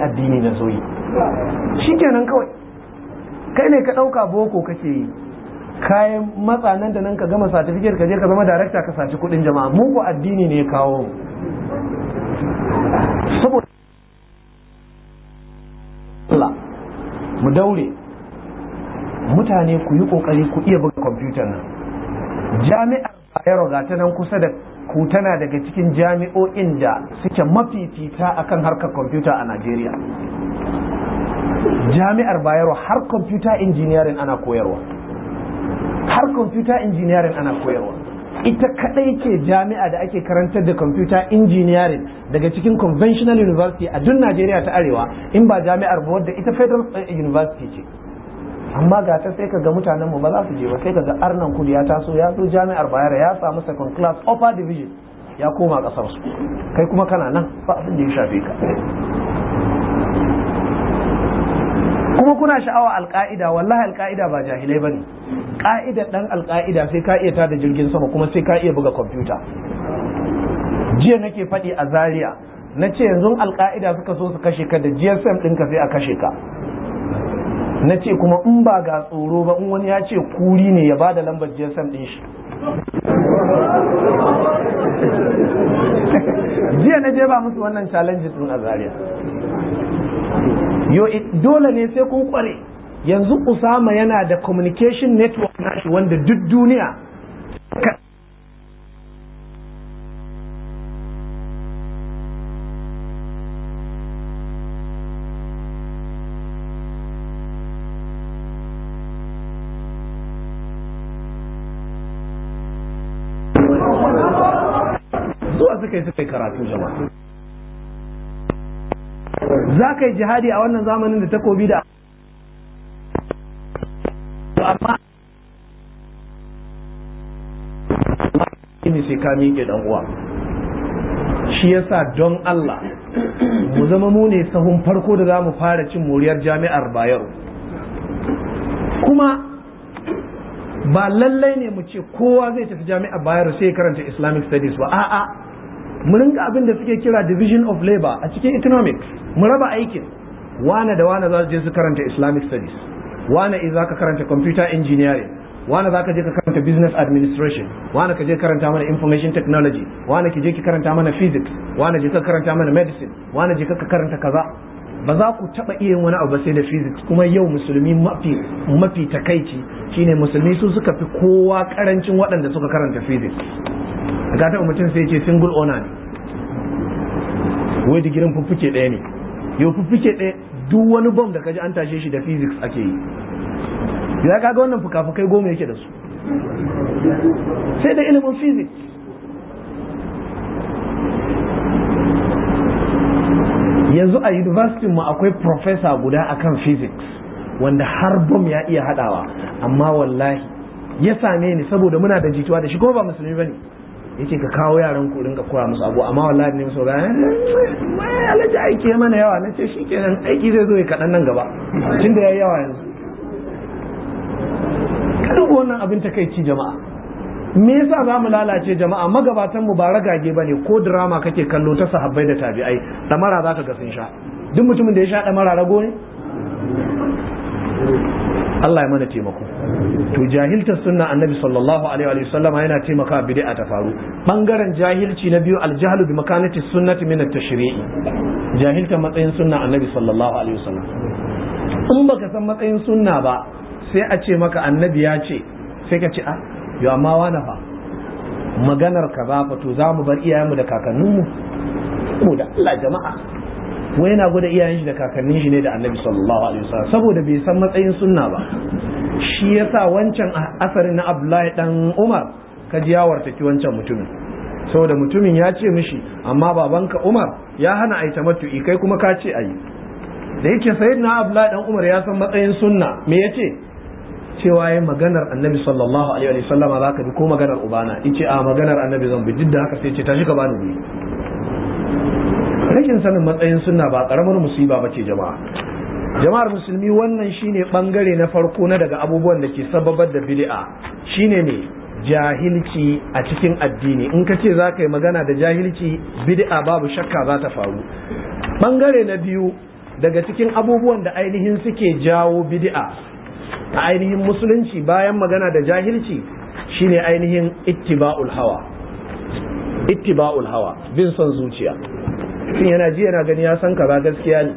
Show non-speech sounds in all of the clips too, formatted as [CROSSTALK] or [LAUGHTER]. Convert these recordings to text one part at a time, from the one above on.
addini na zoyi shi kenan kawai kai ne ka ɗauka boko kake kayan matsa nan da nan ka gama satifiket ka je ka zama darakta ka saci kuɗin jama'a mu ko addini ne kawo saboda mu daure mutane ku yi ƙoƙari ku iya buga kwamfutar nan jami'ar ayaro ga ta nan kusa da ku tana daga cikin jami'o'in da suke a kan harkar kwamfuta a najeriya jami'ar bayero har kwamfuta injiniyarin ana koyarwa har kwamfuta injiniyarin ana koyarwa ita kadai ke jami'a da ake karantar da kwamfuta injiniyarin daga cikin conventional university a dun najeriya ta arewa in ba jami'ar ba da ita federal university ce amma ga ta sai kaga mutanen mu ba za su je ba sai kaga arnan kudi ya taso ya zo jami'ar bayara ya samu second class upper division ya koma kasar su kai kuma kana nan ba abin da ya shafe ka kuma kuna sha'awa alka'ida wallahi alka'ida ba jahilai ba ne ka'ida dan alka'ida sai ka iya tada jirgin sama kuma sai ka iya buga kwamfuta jiya nake faɗi a zaria na ce yanzu alka'ida suka so su kashe ka da gsm ɗinka sai a kashe ka na ce kuma in ba ga tsoro ba in wani ya ce kuri ne ya ba da lambar gsm ɗin shi [LAUGHS] jiya na je ba musu wannan challenge tun a zariya yo dole ne sai kun kware yanzu usama yana da communication network nashi wanda duk duniya suka yi suka yi karatu jama'a za ka yi jihadi a wannan zamanin da takobi da amma ne ka miƙe dan uwa shi yasa don Allah mu zama mu ne sahun farko da za mu fara cin moriyar jami'ar Bayero kuma ba lallai ne mu ce kowa zai tafi jami'ar Bayero sai karanta Islamic studies ba a'a mu rinka abin da suke kira division of labor a cikin economics mu raba aikin wane da wane za su je su karanta islamic studies wane za ka karanta computer engineering wane za ka je ka karanta business administration wane ka je karanta mana information technology wane ki je ki karanta mana physics wane je ka karanta mana medicine wane je ka karanta kaza ba za ku taba iya wani abu ba sai da physics kuma yau musulmi mafi mafi takaici shine musulmi su suka fi kowa karancin waɗanda suka karanta physics ga ta mutum sai ce single owner ne wai fuffuke ɗaya ne yau fuffuke ɗaya duk wani bom da kaji an tashe shi da physics ake yi ya kaga wannan fuka-fukai goma yake da su sai da ilimin physics yanzu a university mu akwai professor guda akan physics wanda har bom ya iya hadawa amma wallahi ya same ni saboda muna da jituwa da shi kuma ba musulmi bane Yake ka kawo yaran ku rinka koya musu abu amma wallahi ne musu ga mai alaji aiki mana yawa nace kenan aiki zai zo ya kaɗan nan gaba ya yi yawa yanzu kada ku wannan abin takaici jama'a me yasa za mu lalace jama'a magabatan mu ba ragage ne ko drama kake kallo ta sahabbai da tabi'ai damara za ka ga sun sha duk mutumin da ya sha damara rago ne Allah ya mana taimako to jahiltar sunna annabi sallallahu alaihi wa sallama yana taimaka bid'a ta faru bangaren jahilci na biyu aljahlu bi makanati sunnati min at-tashri'i Jahilta matsayin sunna annabi sallallahu alaihi wa sallam in baka san matsayin sunna ba sai a ce maka annabi ya ce sai ka ce a ah, yo amma wani fa maganar ka ba to za mu bar iyayenmu da kakanninmu mu da Allah jama'a wani yana gwada iyayen shi da kakannin shi ne da annabi sallallahu alaihi wasallam saboda bai san matsayin sunna ba shi yasa wancan asarin na abdullahi dan umar ka ji yawar taki wancan mutumin saboda mutumin ya ce mishi amma babanka umar ya hana ai matu'i kai kuma ka ce ayi da yake sayyidina abdullahi dan umar ya san matsayin sunna me yace cewa ya maganar annabi sallallahu alaihi za ka bi ko maganar ubana in ce a maganar annabi zan bi duk da haka sai ce tashi ka bani guri rashin sanin matsayin sunna ba karamar musiba ba ce jama'a jama'ar musulmi wannan shine bangare na farko na daga abubuwan da ke sababar da bid'a shine ne jahilci a cikin addini in ka ce za ka yi magana da jahilci bid'a babu shakka za ta faru Ɓangare na biyu daga cikin abubuwan da ainihin suke jawo bid'a a ainihin musulunci bayan magana da jahilci shine ainihin ittiba'ul hawa ittiba'ul hawa bin son zuciya shin yana ji yana gani ya san ka ba gaskiya ne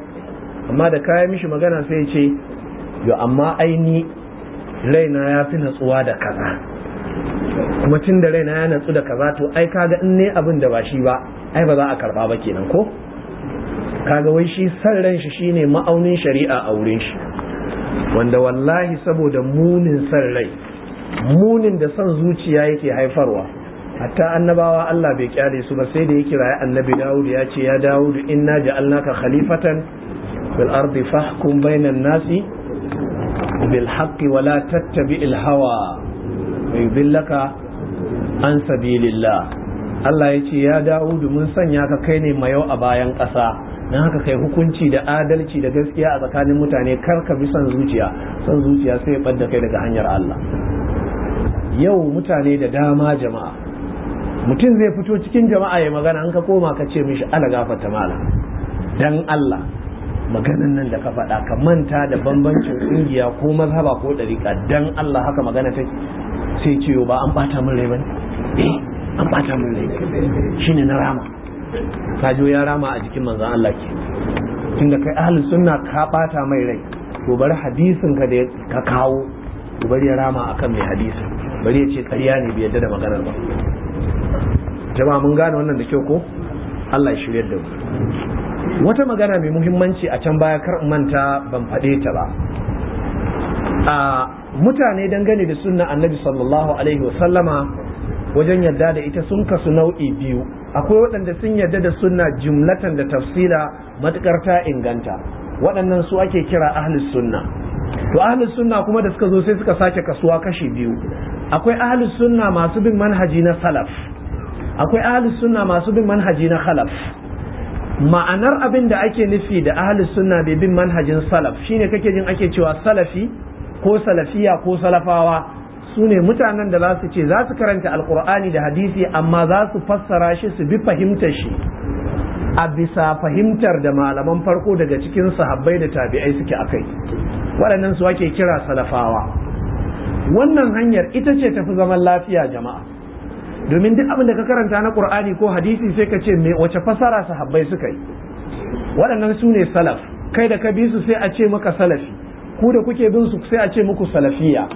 amma da kayan mishi magana sai ce yo amma aini raina ya fi natsuwa da kaza kuma tun da raina ya natsu da kaza to ai kaga in ne abin da ba shi ba ai ba za a karba ba kenan ko kaga wai shi san ran shi shine ma'aunin shari'a a wurin shi wanda wallahi saboda munin san rai munin da san zuciya yake haifarwa hatta annabawa Allah bai kyale su ba sai da ya kira annabi Dawud ya ce ya Dawud inna ja'alnaka khalifatan fil ardi fahkum bainan nasi bil haqqi wa la tattabi'il hawa yudillaka an sabilillah Allah ya ce ya Dawud mun sanya ka kai ne mayau a bayan ƙasa Na haka kai hukunci da adalci da gaskiya a tsakanin mutane kar ka bi son zuciya son zuciya sai ya ɓadda kai daga hanyar Allah yau mutane da dama jama'a mutum zai fito cikin jama'a ya magana an ka koma ka ce mishi ala gafarta mala dan Allah maganan nan da ka faɗa ka manta da bambancin ƙungiya ko mazhaba ko ɗariƙa dan Allah haka magana ta sai ce ba an bata min rai ne? eh an bata min rai shine na rama jo ya rama a jikin manzon Allah ke tunda kai ahlus sunna ka bata mai rai to bari hadisin da ka kawo to bari ya rama akan mai hadisin bari ya ce karya ne bai yarda da maganar ba jama'a mun gane wannan da kyau ko Allah ya shiryar da mu wata magana mai muhimmanci a can baya kar manta ban faɗe ta ba a mutane dangane da sunna annabi sallallahu alaihi wasallama wajen yadda da ita sun kasu nau'i biyu akwai waɗanda sun yadda da sunna jumlatan da tafsila matukar ta inganta waɗannan su ake kira ahlus sunna to ahlus sunna kuma da suka zo sai suka sake kasuwa kashi biyu akwai ahlus sunna masu bin manhaji na salaf akwai ahlus sunna masu bin manhaji na khalaf ma'anar abin da ake nufi da ahlus sunna bai bin manhajin salaf shine kake jin ake cewa salafi ko salafiya ko salafawa su ne mutanen da za su ce za su karanta alkur'ani da hadisi amma za su fassara shi su bi fahimtar shi a bisa fahimtar da malaman farko daga cikin sahabbai da tabi'ai suke akai waɗannan su ake kira salafawa wannan hanyar ita ce tafi zaman lafiya jama'a domin duk abin da ka karanta na Kur'ani ko hadisi sai ka ce me wace fasara sahabbai suka yi waɗannan su ne salaf kai da ka bi su sai a ce maka salafi ku da kuke bin su sai a ce muku salafiya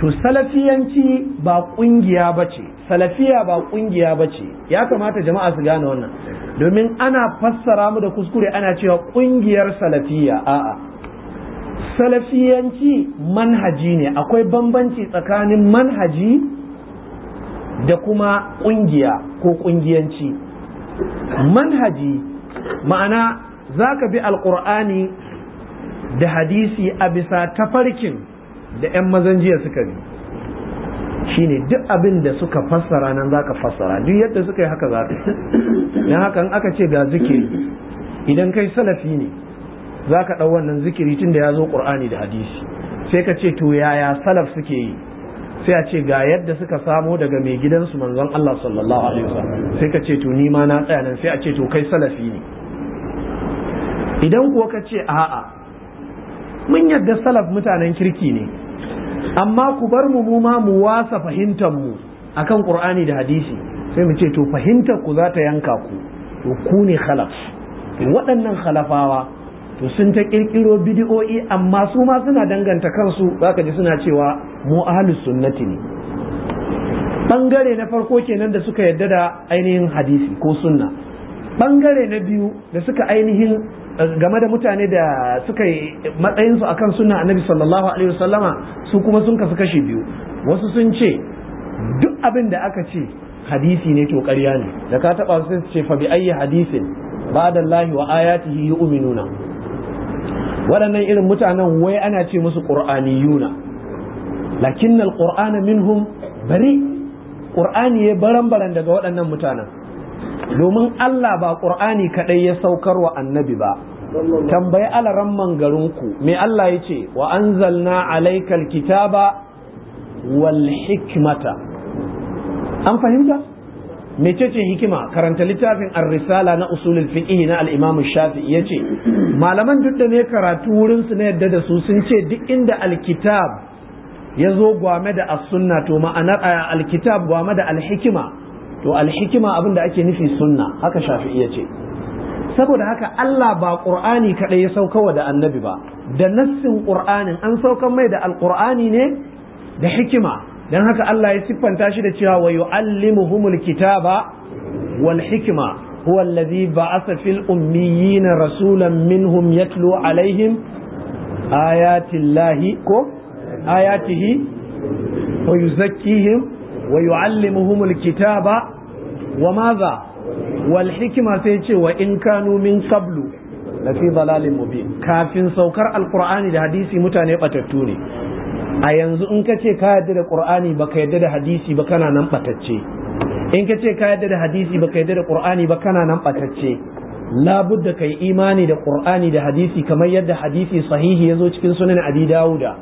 to salafiyanci ba ƙungiya ba ce. salafiya ba ƙungiya ba ce. ya kamata jama'a su gane wannan domin ana fassara mu da kuskure ana cewa ƙungiyar salafiya a'a salafiyanci manhaji ne akwai bambanci tsakanin manhaji da kuma ƙungiya ko ƙungiyanci. manhaji ma'ana za ka bi Alƙur'ani da hadisi a bisa tafarkin da 'yan mazan jiya suka bi shine duk abin da suka fassara nan za ka fassara duk yadda suka yi haka za ka yi haka aka ce ga zikiri idan kai salafi ne za ka ɗau wannan zikiri tun da ya zo ƙur'ani da hadisi sai ka ce to yaya salaf suke yi sai a ce ga yadda suka samo daga mai gidansu manzon Allah sallallahu alaihi wasallam sai ka ce to ni ma na tsaya nan sai a ce to kai salafi ne idan kuwa ka ce a'a mun yadda salaf mutanen kirki ne amma ku bar mu mu ma mu wasa fahimtar mu akan qur'ani da hadisi sai mu ce to fahimtar ku za ta yanka ku to ku ne khalaf waɗannan khalafawa to sun ta kirkiro bidiyo'i amma su ma suna danganta kansu zaka ji suna cewa mu ahlus sunnati ne bangare na farko kenan da suka yadda da ainihin hadisi ko sunna bangare na biyu da suka ainihin game da mutane da suka yi matsayinsu akan sunna annabi sallallahu alaihi wasallama su kuma sun kasu kashi biyu wasu sun ce duk abin da aka ce hadisi ne to ƙarya ne da ka taɓa su ce fa bi ayyi hadisin ba'da Allah wa ayatihi yu'minuna waɗannan irin mutanen wai ana ce musu ƙur'aniyuna lakin alƙur'ana minhum bari ƙur'ani ya baran baran daga waɗannan mutanen domin Allah ba ƙur'ani kaɗai ya saukar wa annabi ba tambayi alaran mangarinku me Allah ya ce wa anzalna alaikal kitaba wal hikmata an fahimta mecece hikima karanta littafin ar-risala na usulul fiqh na al-imam shafi'i yace malaman duk da ne karatu wurin su na yadda da su sun ce duk inda al'kitab ya zo gwame da as-sunna to ma'anar al-kitab gwame da al-hikima to al-hikima abin ake nufi sunna haka shafi'i yace saboda haka Allah ba ƙur'ani kaɗai ya sauka wa da annabi ba da nassin qur'anin an saukan mai da al ne da hikima dan haka Allah ya siffanta shi da cewa wa yu'allimuhumul kitaba wal hikma huwa allazi ba'atha fil ummiyin rasulan minhum yatlu alaihim ayatillahi ko ayatihi wa yuzakkihim wa yu'allimuhumul kitaba wa madha wal hikma sai ce wa in kanu min qablu lafi dalalin mubin kafin saukar alqur'ani da hadisi mutane batattu ne a yanzu in ka ce ka yadda da ba ka yadda da hadisi ba kana nan ɓatacce in ka ce ka yadda da hadisi baka yadda da ba kana nan batacce ka kai imani da ƙur'ani da hadisi kamar yadda hadisi sahihi ya zo cikin sunan abi dawuda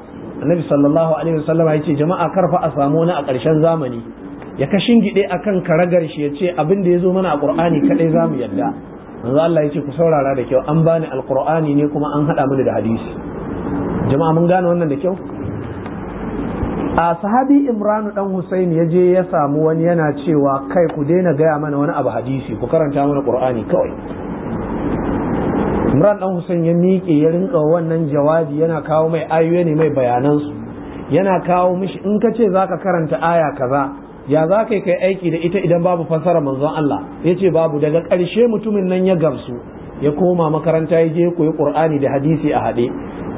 annabi sallallahu alaihi wasallam ya ce jama'a karfa a samu wani a ƙarshen zamani ya ka shingide akan karagar shi ya ce abin da ya zo mana a Kur'ani kadai mu yadda manzo Allah ya ce ku saurara da kyau an bani Alkur'ani ne kuma an haɗa mini da hadisi jama'a mun gane wannan da kyau a sahabi imranu dan husaini ya je ya samu wani yana cewa kai ku daina gaya mana wani abu hadisi ku karanta mana qur'ani kawai imran dan husain ya miƙe ya rinka wannan jawabi yana kawo mai ayoyi ne mai bayanansu yana kawo mishi in ka ce zaka karanta aya kaza ya za ka kai aiki da ita idan babu fassara manzon Allah ya ce babu daga ƙarshe mutumin nan ya gamsu ya koma makaranta ya je koyi ƙur'ani da hadisi a haɗe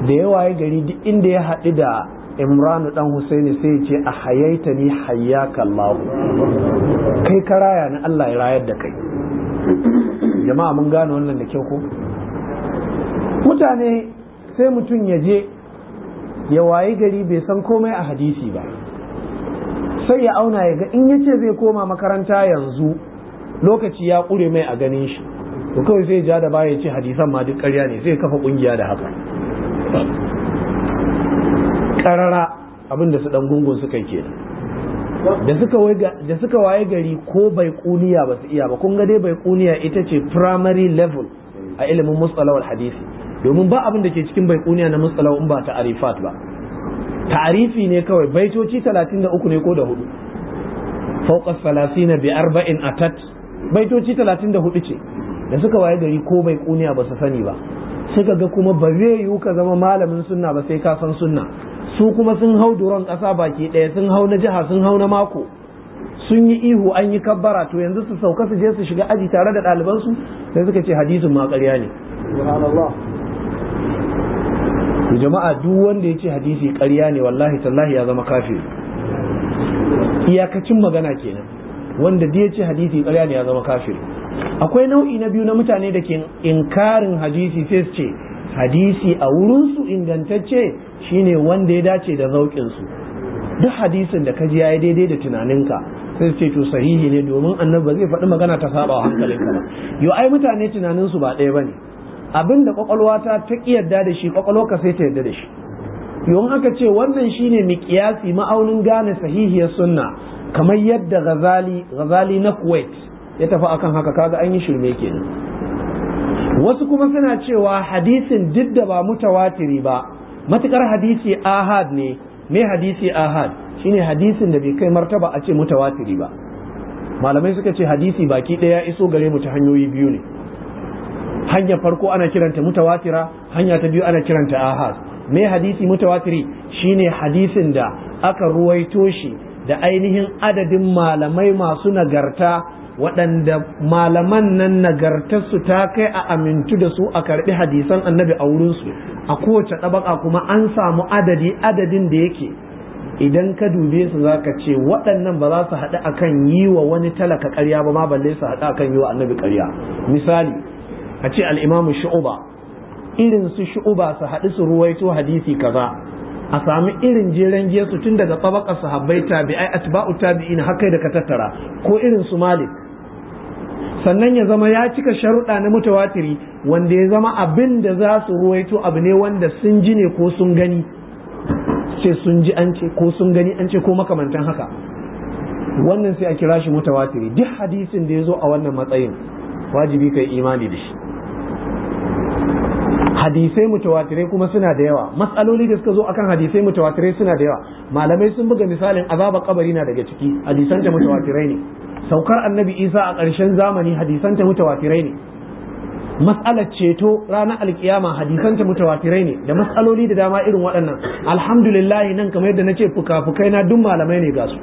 da yawa ya gari duk inda ya haɗu da imranu dan husaini sai ce a hayaita ni hayyaka Allah kai ka raya ni Allah ya rayar da kai jama'a mun gane wannan da kyau ko mutane sai mutum ya je ya wayi gari bai san komai a hadisi ba sai ya auna ya ga in ya ce zai koma makaranta yanzu lokaci ya ƙure mai a ganin shi to kawai sai ja da baya ya ce hadisan ma duk ƙarya ne sai kafa ƙungiya da haka karara abinda su dan gungun suka yi kenan da suka waye gari ko bai kuniya ba su iya ba kun ga dai bai kuniya ita ce primary level a ilimin wal hadisi domin ba abin da ke cikin bai kuniya na mustalaw in ba arifat ba ta'arifi ne kawai baitoci 33 ne ko da hudu fawqa 30 bi arba'in atat baitoci 34 ce da suka waye gari ko bai kuniya ba su sani ba sai ga kuma ba zai yiwu ka zama malamin sunna ba sai ka san sunna su kuma sun hau duron ƙasa baki ɗaya sun hau na jiha sun hau na mako sun yi ihu an yi kabbara to yanzu su sauka su je su shiga aji tare da ɗalibansu sai suka ce hadisin ma ƙarya ne to jama'a duk wanda ya ce hadisi ƙarya ne wallahi tallahi ya zama kafiri iyakacin magana kenan wanda da ya ce hadisi ƙarya ne ya zama kafiri akwai nau'i na biyu na mutane da ke inkarin hadisi sai su ce hadisi a wurinsu ingantacce shine wanda ya dace da zauƙinsu duk hadisin da ka ji yayi daidai da tunaninka sai ce to sahihi ne domin annabi ba zai faɗi magana ta saba wa hankalinka ba yo ai mutane tunaninsu ba ɗaya bane abin da ta ta yarda da shi kwakwalwarka sai ta yarda da shi yo aka ce wannan shine miƙiyasi ma'aunin gane sahihiyar sunna kamar yadda ghazali ghazali na kuwait ya tafi akan haka kaga an yi shirme kenan wasu kuma suna cewa hadisin duk da ba mutawatiri ba matukar hadisi ahad ne me hadisi ahad shine hadisin da bai kai martaba a ce mutawatiri ba malamai suka ce hadisi baki daya iso gare mu ta hanyoyi biyu ne Hanya farko ana kiranta mutawatira hanya ta biyu ana kiranta ahad me hadisi mutawatiri shine hadisin da aka ruwaito shi da ainihin adadin malamai masu nagarta waɗanda malaman nan su ta kai a amintu da su a karɓi hadisan annabi a wurinsu a kowace ɗabaka kuma an samu adadi adadin da yake idan ka dube su za ka ce waɗannan ba za su haɗu akan yi wa wani talaka ƙarya ba ma balle su haɗu akan yi wa annabi ƙarya misali a ce al'imamu shu'uba irin su shu'uba su haɗu su ruwaito hadisi kaza a sami irin jeren gesu tun daga tsabakar sahabbai tabi'ai atba'u tabi'in haka da ka tattara ko irin su malik sannan ya zama ya cika sharuɗa na mutawatiri wanda ya zama abin da za su ruwaito abu ne wanda sun ji ne ko sun gani ce sun ji an ce ko sun gani an ce ko makamantan haka wannan sai a kira shi mutawatiri duk hadisin da ya zo a wannan matsayin wajibi kai imani da shi hadisai mutawatirai kuma suna da yawa matsaloli da suka zo akan hadisai mutawatirai suna da yawa malamai sun buga misalin azaba kabari na daga ciki hadisan ta mutawatirai ne saukar annabi isa a ƙarshen zamani hadisan ta mutawatirai ne matsalar ceto ranar alkiyama hadisan ta mutawatirai ne da matsaloli da dama irin waɗannan alhamdulillah nan kamar yadda na ce fuka-fukai na duk malamai ne ga su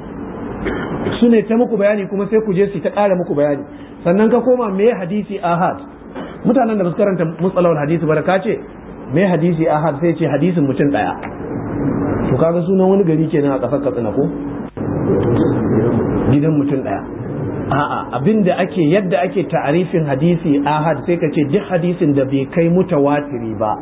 su ne ta muku bayani kuma sai ku je su ta ƙara muku bayani sannan ka koma me hadisi ahad mutanen da ba su karanta mustalawar hadisi ba ce me hadisi ahad sai ce hadisin mutum daya to kaga sunan wani gari kenan a kasar katsina ko gidan mutum daya a'a abinda ake yadda ake ta'arifin hadisi ahad sai ka ce duk hadisin da bai kai mutawatiri ba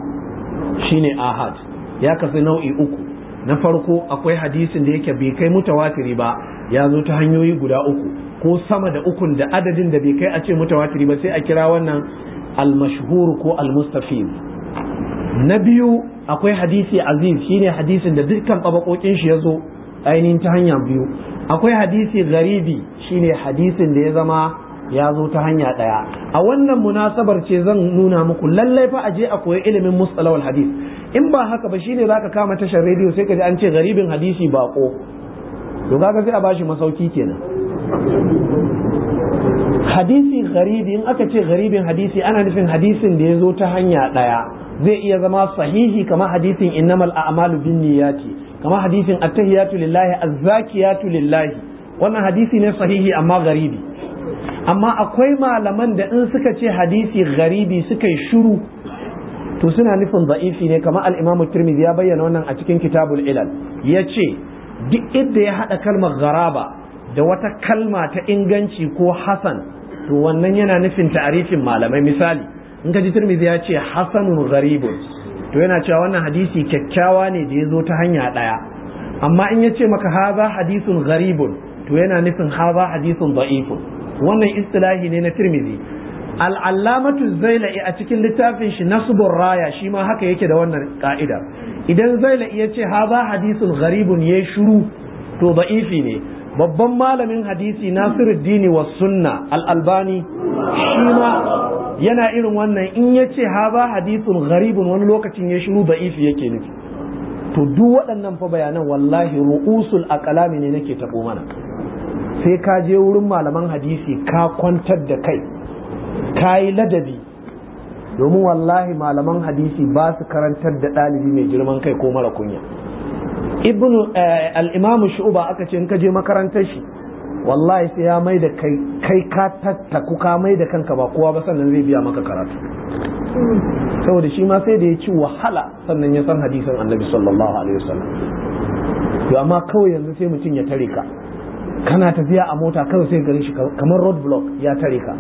shine ahad ya kasu nau'i uku na farko akwai hadisin da yake bai kai mutawatiri ba ya zo ta hanyoyi guda uku ko sama da ukun da adadin da bai kai a ce mutawatiri ba sai a kira wannan al-mashhur ko al na biyu akwai hadisi aziz shine hadisin da dukkan babakokin shi yazo ainihin ta hanya biyu akwai hadisi garibi shine hadisin da ya zama ya zo ta hanya ɗaya a wannan munasabar ce zan nuna muku lallai fa aje a koyi ilimin mustalawal hadis in ba haka ba shine zaka kama tashar rediyo sai ka ji an ce garibin hadisi bako to kaga sai a bashi masauki kenan hadisi gharibi in aka ce gharibin hadisi ana nufin hadisin da ya zo ta hanya ɗaya zai iya zama sahihi kama hadisin innamal a'malu binniyati Kama hadisin attahiyatu lillahi azzakiyatu lillahi wannan hadisi ne sahihi amma garibi amma akwai malaman da in suka ce hadisi garibi suka yi shuru to suna nufin da'ifi ne kamar al-imamu tirmidhi ya bayyana wannan a cikin kitabul ilal ya ce duk inda ya haɗa kalmar garaba da wata kalma ta inganci ko hasan to wannan yana nufin ta'arifin malamai misali in ka ji tirmidhi ya ce hasanun gharibun to yana cewa wannan hadisi kyakkyawa ne da ya zo ta hanya ɗaya amma in ya ce maka haza hadisun gharibun to yana nufin haza hadisun da'ifun wannan istilahi ne na tirmidhi al'allamatu zaila'i a cikin littafin shi nasbur raya shi ma haka yake da wannan ka'ida idan zaila'i ya ce haza hadisun gharibun ya shuru to da'ifi ne babban malamin hadisi nasiruddini wa sunna al-albani shi ma yana irin wannan in yace ce ha ba hadisun gharibun wani lokacin ya shiru da'ifi yake nufi to duk waɗannan fa bayanan wallahi ru'usul aqlami ne nake taɓo mana sai ka je wurin malaman hadisi ka kwantar da kai ka yi ladabi domin wallahi malaman hadisi ba su karantar da ɗalibi mai girman kai ko mara kunya ibnu eh, al-imam shu'ba aka ce in ka je makarantar shi wallahi sai ya mai da kai kai ka tattaku ka mai da kanka ba kowa ba sannan zai biya maka karatu saboda shi ma sai da ya ci wahala sannan ya san hadisin annabi sallallahu alaihi wasallam to amma kawai yanzu sai mutum ya tare ka kana tafiya a mota kawai sai gare shi kamar road block ya tare ka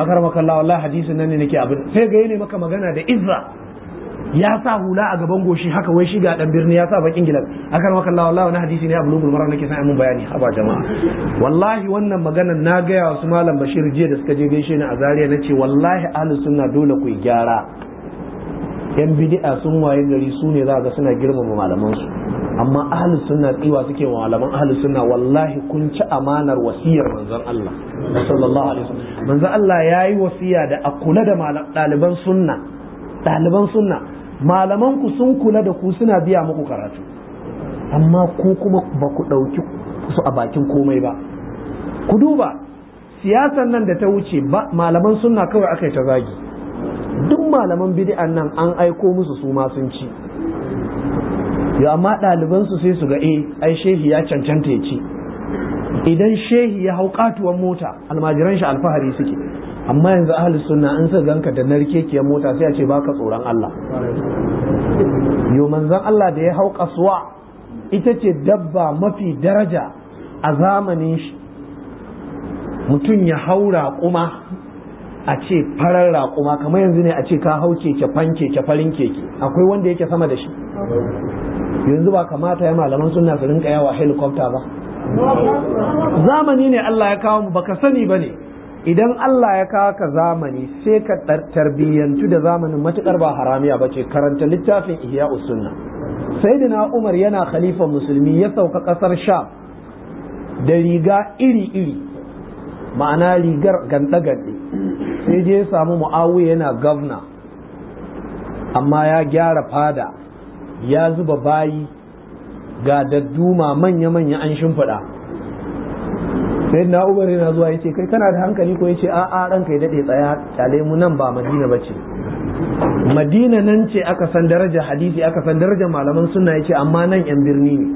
akar maka Allah wallahi hadisin nan ne nake abin sai ga ne maka magana da izza ya sa hula a gaban goshi haka wai shiga dan birni ya sa bakin gilas akan waka Allah wallahi wannan hadisi ne a bulugul maram nake san mun bayani haba jama'a wallahi wannan magana na gaya wa su malam Bashir jiya da suka je gaishe ni a Zaria nace wallahi ahli sunna dole ku gyara yan bid'a sun waye gari su ne za ga suna girmama malaman su amma ahli sunna tsiwa suke wa malaman ahli sunna wallahi kun ci amanar wasiyar manzon Allah sallallahu alaihi wasallam manzon Allah yayi wasiya da a kula da ɗaliban sunna ɗaliban sunna malaman ku sun kula da ku suna biya muku karatu amma ku kuma ba ku ɗauki su a bakin komai ba ku duba siyasar nan da ta wuce ba malaman sunna kawai aka ta zagi duk malaman bid'an nan an aiko musu su ma sun ci ya amma ɗalibansu sai su ga eh ai shehi ya cancanta ya ci idan shehi ya hau katuwan mota almajiran shi alfahari suke amma yanzu ahli sunna an sa zanka da narkekiyar mota sai a ce baka tsoron Allah yo manzon Allah da ya hau kasuwa ita ce dabba mafi daraja a zamanin shi mutum ya hau raƙuma a ce farar raƙuma kamar yanzu ne a ce ka hau keke fanke, ke farin keke akwai wanda yake sama da shi yanzu ba kamata ya malaman suna su rinka yawa helicopter ba zamani ne Allah ya kawo mu baka sani ba ne idan Allah ya kawo zamani sai ka tarbiyyantu da zamanin matukar ba haramiya ba ce karanta littafin ihya Sai da Umar yana khalifan musulmi ya sauka kasar sha da riga iri-iri ma'ana rigar ganda-gande sai je ya samu mu'awu yana gavna amma ya gyara fada ya zuba bayi ga dadduma manya-manya an shimfiɗa sai na umar yana zuwa yace kai kana da hankali ko yace a a ranka ya dade tsaya kyale mu nan ba madina bace madina nan ce aka san daraja hadisi aka san daraja malaman sunna yace amma nan yan birni ne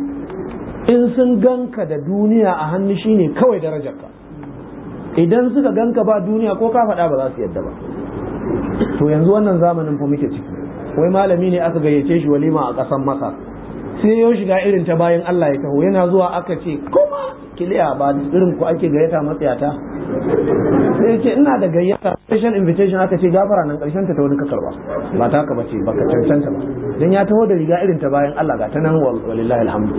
in sun ganka da duniya a hannu shine kawai darajarka idan suka ganka ba duniya ko ka faɗa ba za su yadda ba to yanzu wannan zamanin fa muke ciki wai malami ne aka gayyace shi walima a ƙasar masar sai yau shiga irin ta bayan Allah ya taho yana zuwa aka ce kuma kiliya ba irin ku ake gayyata matsayata sai ce ina da gayyata special invitation aka ce gafara nan karshen ta ta wani kasarwa. ba ta ka bace baka cancanta ba dan ya taho da riga irin ta bayan Allah ga ta nan walillahi alhamdu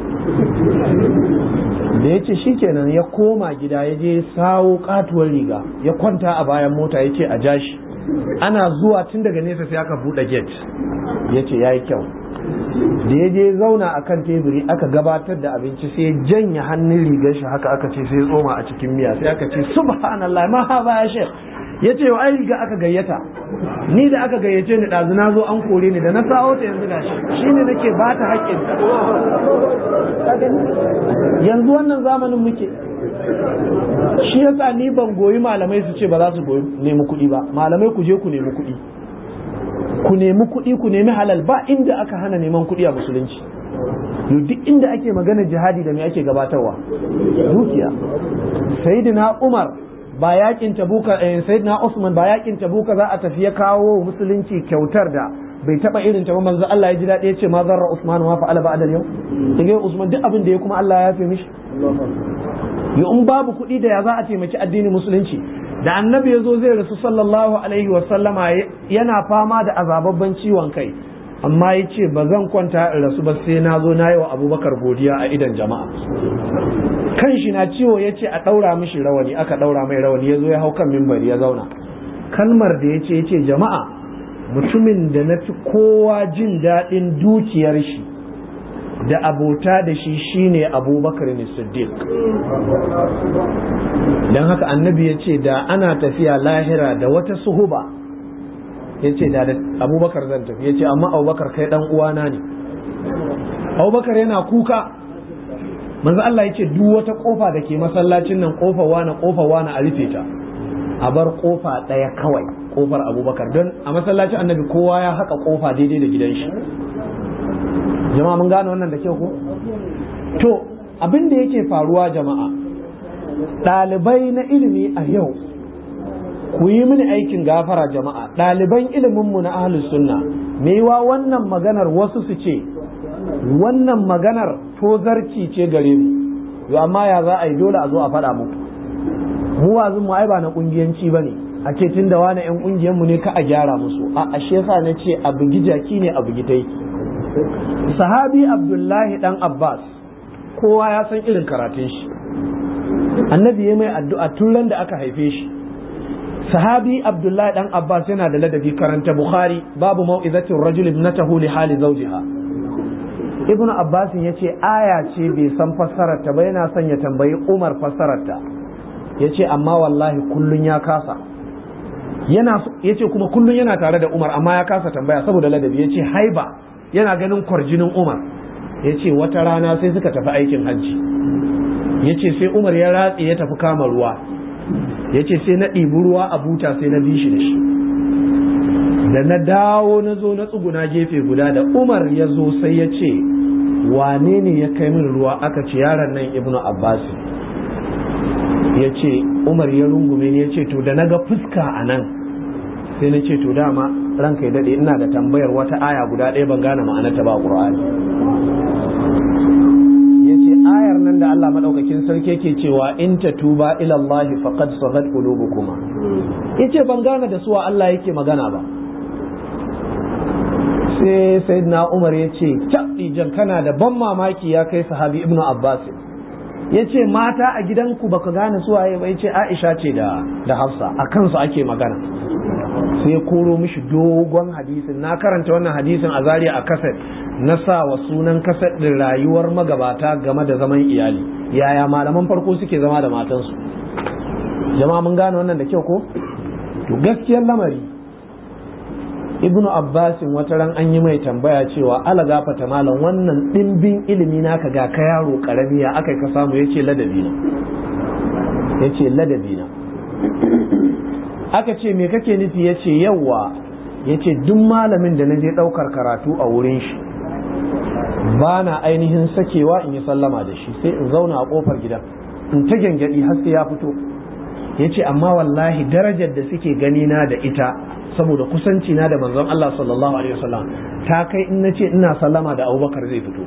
da yace shikenan ya koma gida ya je sawo katuwar riga ya kwanta a bayan mota yace a jashi ana zuwa tun daga nesa sai aka buɗe gate yace yayi kyau da ya je zauna a kan teburi aka gabatar da abinci sai janye hannun rigar shi haka aka ce sai tsoma a cikin miya sai aka ce subhanallah ma ha ba shek ya ce wa ai riga aka gayyata ni da aka gayyace ni ɗazu na zo an kore ni da na sa ta yanzu gashi ne nake ba ta haƙƙin yanzu wannan zamanin muke shi yasa ni ban goyi malamai su ce ba za su goyi nemi kuɗi ba malamai ku je ku nemi kuɗi ku nemi kuɗi ku nemi halal ba inda aka hana neman kuɗi a musulunci duk inda ake magana jihadi da me ake gabatarwa dukiya sayyidina umar ba yakin tabuka eh sayyidina usman ba yakin tabuka za a tafi ya kawo musulunci kyautar da bai taba irin ta manzo Allah ya ji dadi ya ce ma zarra usman wa fa'ala adal yau kage usman duk abin da ya kuma Allah ya fi mishi yo in babu kuɗi da ya za a taimaki addinin musulunci da annabi ya zo zai rasu sallallahu alaihi wasallama yana fama da azababban ciwon kai amma ya ce ba zan kwanta in rasu ba sai na zo na yi wa abubakar godiya a idan jama'a kan shi na ciwo ya ce a ɗaura mishi rawani aka ɗaura mai rawani ya zo ya hau kan mimbari ya zauna kalmar da ya ce ya ce jama'a mutumin da na fi kowa jin daɗin dukiyar shi da abota da shi shine abubakar ne siddiq don haka annabi ya ce da ana tafiya lahira da wata suhuba ya ce da abubakar zan tafi ya ce amma abubakar kai dan uwana ne abubakar yana kuka manzo Allah ya ce duk wata kofa da ke masallacin nan kofa wana kofa wana a rufe ta a bar kofa ɗaya kawai kofar abubakar don a masallacin annabi kowa ya haka kofa daidai da gidan shi jama'a mun gane wannan da ke ku? to abin da yake faruwa jama'a ɗalibai na ilimi a yau ku yi mini aikin gafara jama'a ɗaliban iliminmu na ahlus sunna me yiwa wannan maganar wasu su ce wannan maganar tozarci ce gare mu yo amma ya za a yi dole a zo a faɗa muku mu wazin mu ai ba na kungiyanci ne, a ce tun da wani yan ƙungiyar mu ne ka a gyara musu a ashe sa na ce a bugi jaki ne a bugi taiki sahabi abdullahi dan abbas kowa ya san irin karatun shi annabi ya mai addu'a tun ran da aka haife shi sahabi abdullahi dan abbas yana da ladabi karanta bukhari babu mau'izatin rajul ibnatahu li hali zawjiha Ibnu abbas ya ce aya ce bai san fassarar ta, ba yana son ya tambayi umar fassarar ya Yace amma wallahi kullun ya kasa yana yace kuma kullun yana tare da umar amma ya kasa tambaya saboda ladabi ya ce haiba yana ganin kwarjinin umar ya ce wata rana sai suka tafi aikin hajji ya ce sai umar ya ratse ya tafi kama ruwa ya ce sai na ɗibi ruwa a buta sai na bi shi da shi da na dawo na zo na tsuguna gefe guda da umar ya zo sai ya ce wane ne ya kai min ruwa aka ce yaron nan ibnu abbas ya ce umar ya rungume ne ya ce to da na ga fuska a nan sai na ce to dama ranka ya dade ina da tambayar wata aya guda ɗaya ban gane ma'anarta ba qur'ani yace ayar nan da Allah madaukakin sarki yake cewa in tatuba ila Allah faqad kuma. qulubukuma yace ban gane da suwa Allah yake magana ba sai sayyidina Umar yace tabbi jan kana da ban mamaki ya kai sahabi Ibn Abbas ya ce mata a gidanku baka gane suwaye ba ya ce aisha ce da hafsa a kansu ake magana sai koro mishi dogon hadisin na karanta wannan hadisin a zariya a kaset na sa wa sunan kaset din rayuwar magabata game da zaman iyali yaya malaman farko suke zama da matansu jama mun gane wannan da kyau ko to gaskiyar lamari ibnu abbasin wata ran an yi mai tambaya cewa ala gafata malam wannan ɗimbin ilimi naka ga ka yaro karami ya akai ka samu yace ladabi ladabi na aka ce me kake nufi ya ce yawwa ya ce duk malamin da na je ɗaukar karatu a wurin shi ba na ainihin sakewa in yi sallama da shi sai in zauna a kofar gidan in ta gyangyaɗi har sai ya fito ya ce amma wallahi darajar da suke gani na da ita saboda kusanci na da manzon Allah sallallahu alaihi wasallam ta kai in nace ina sallama da Abubakar zai fito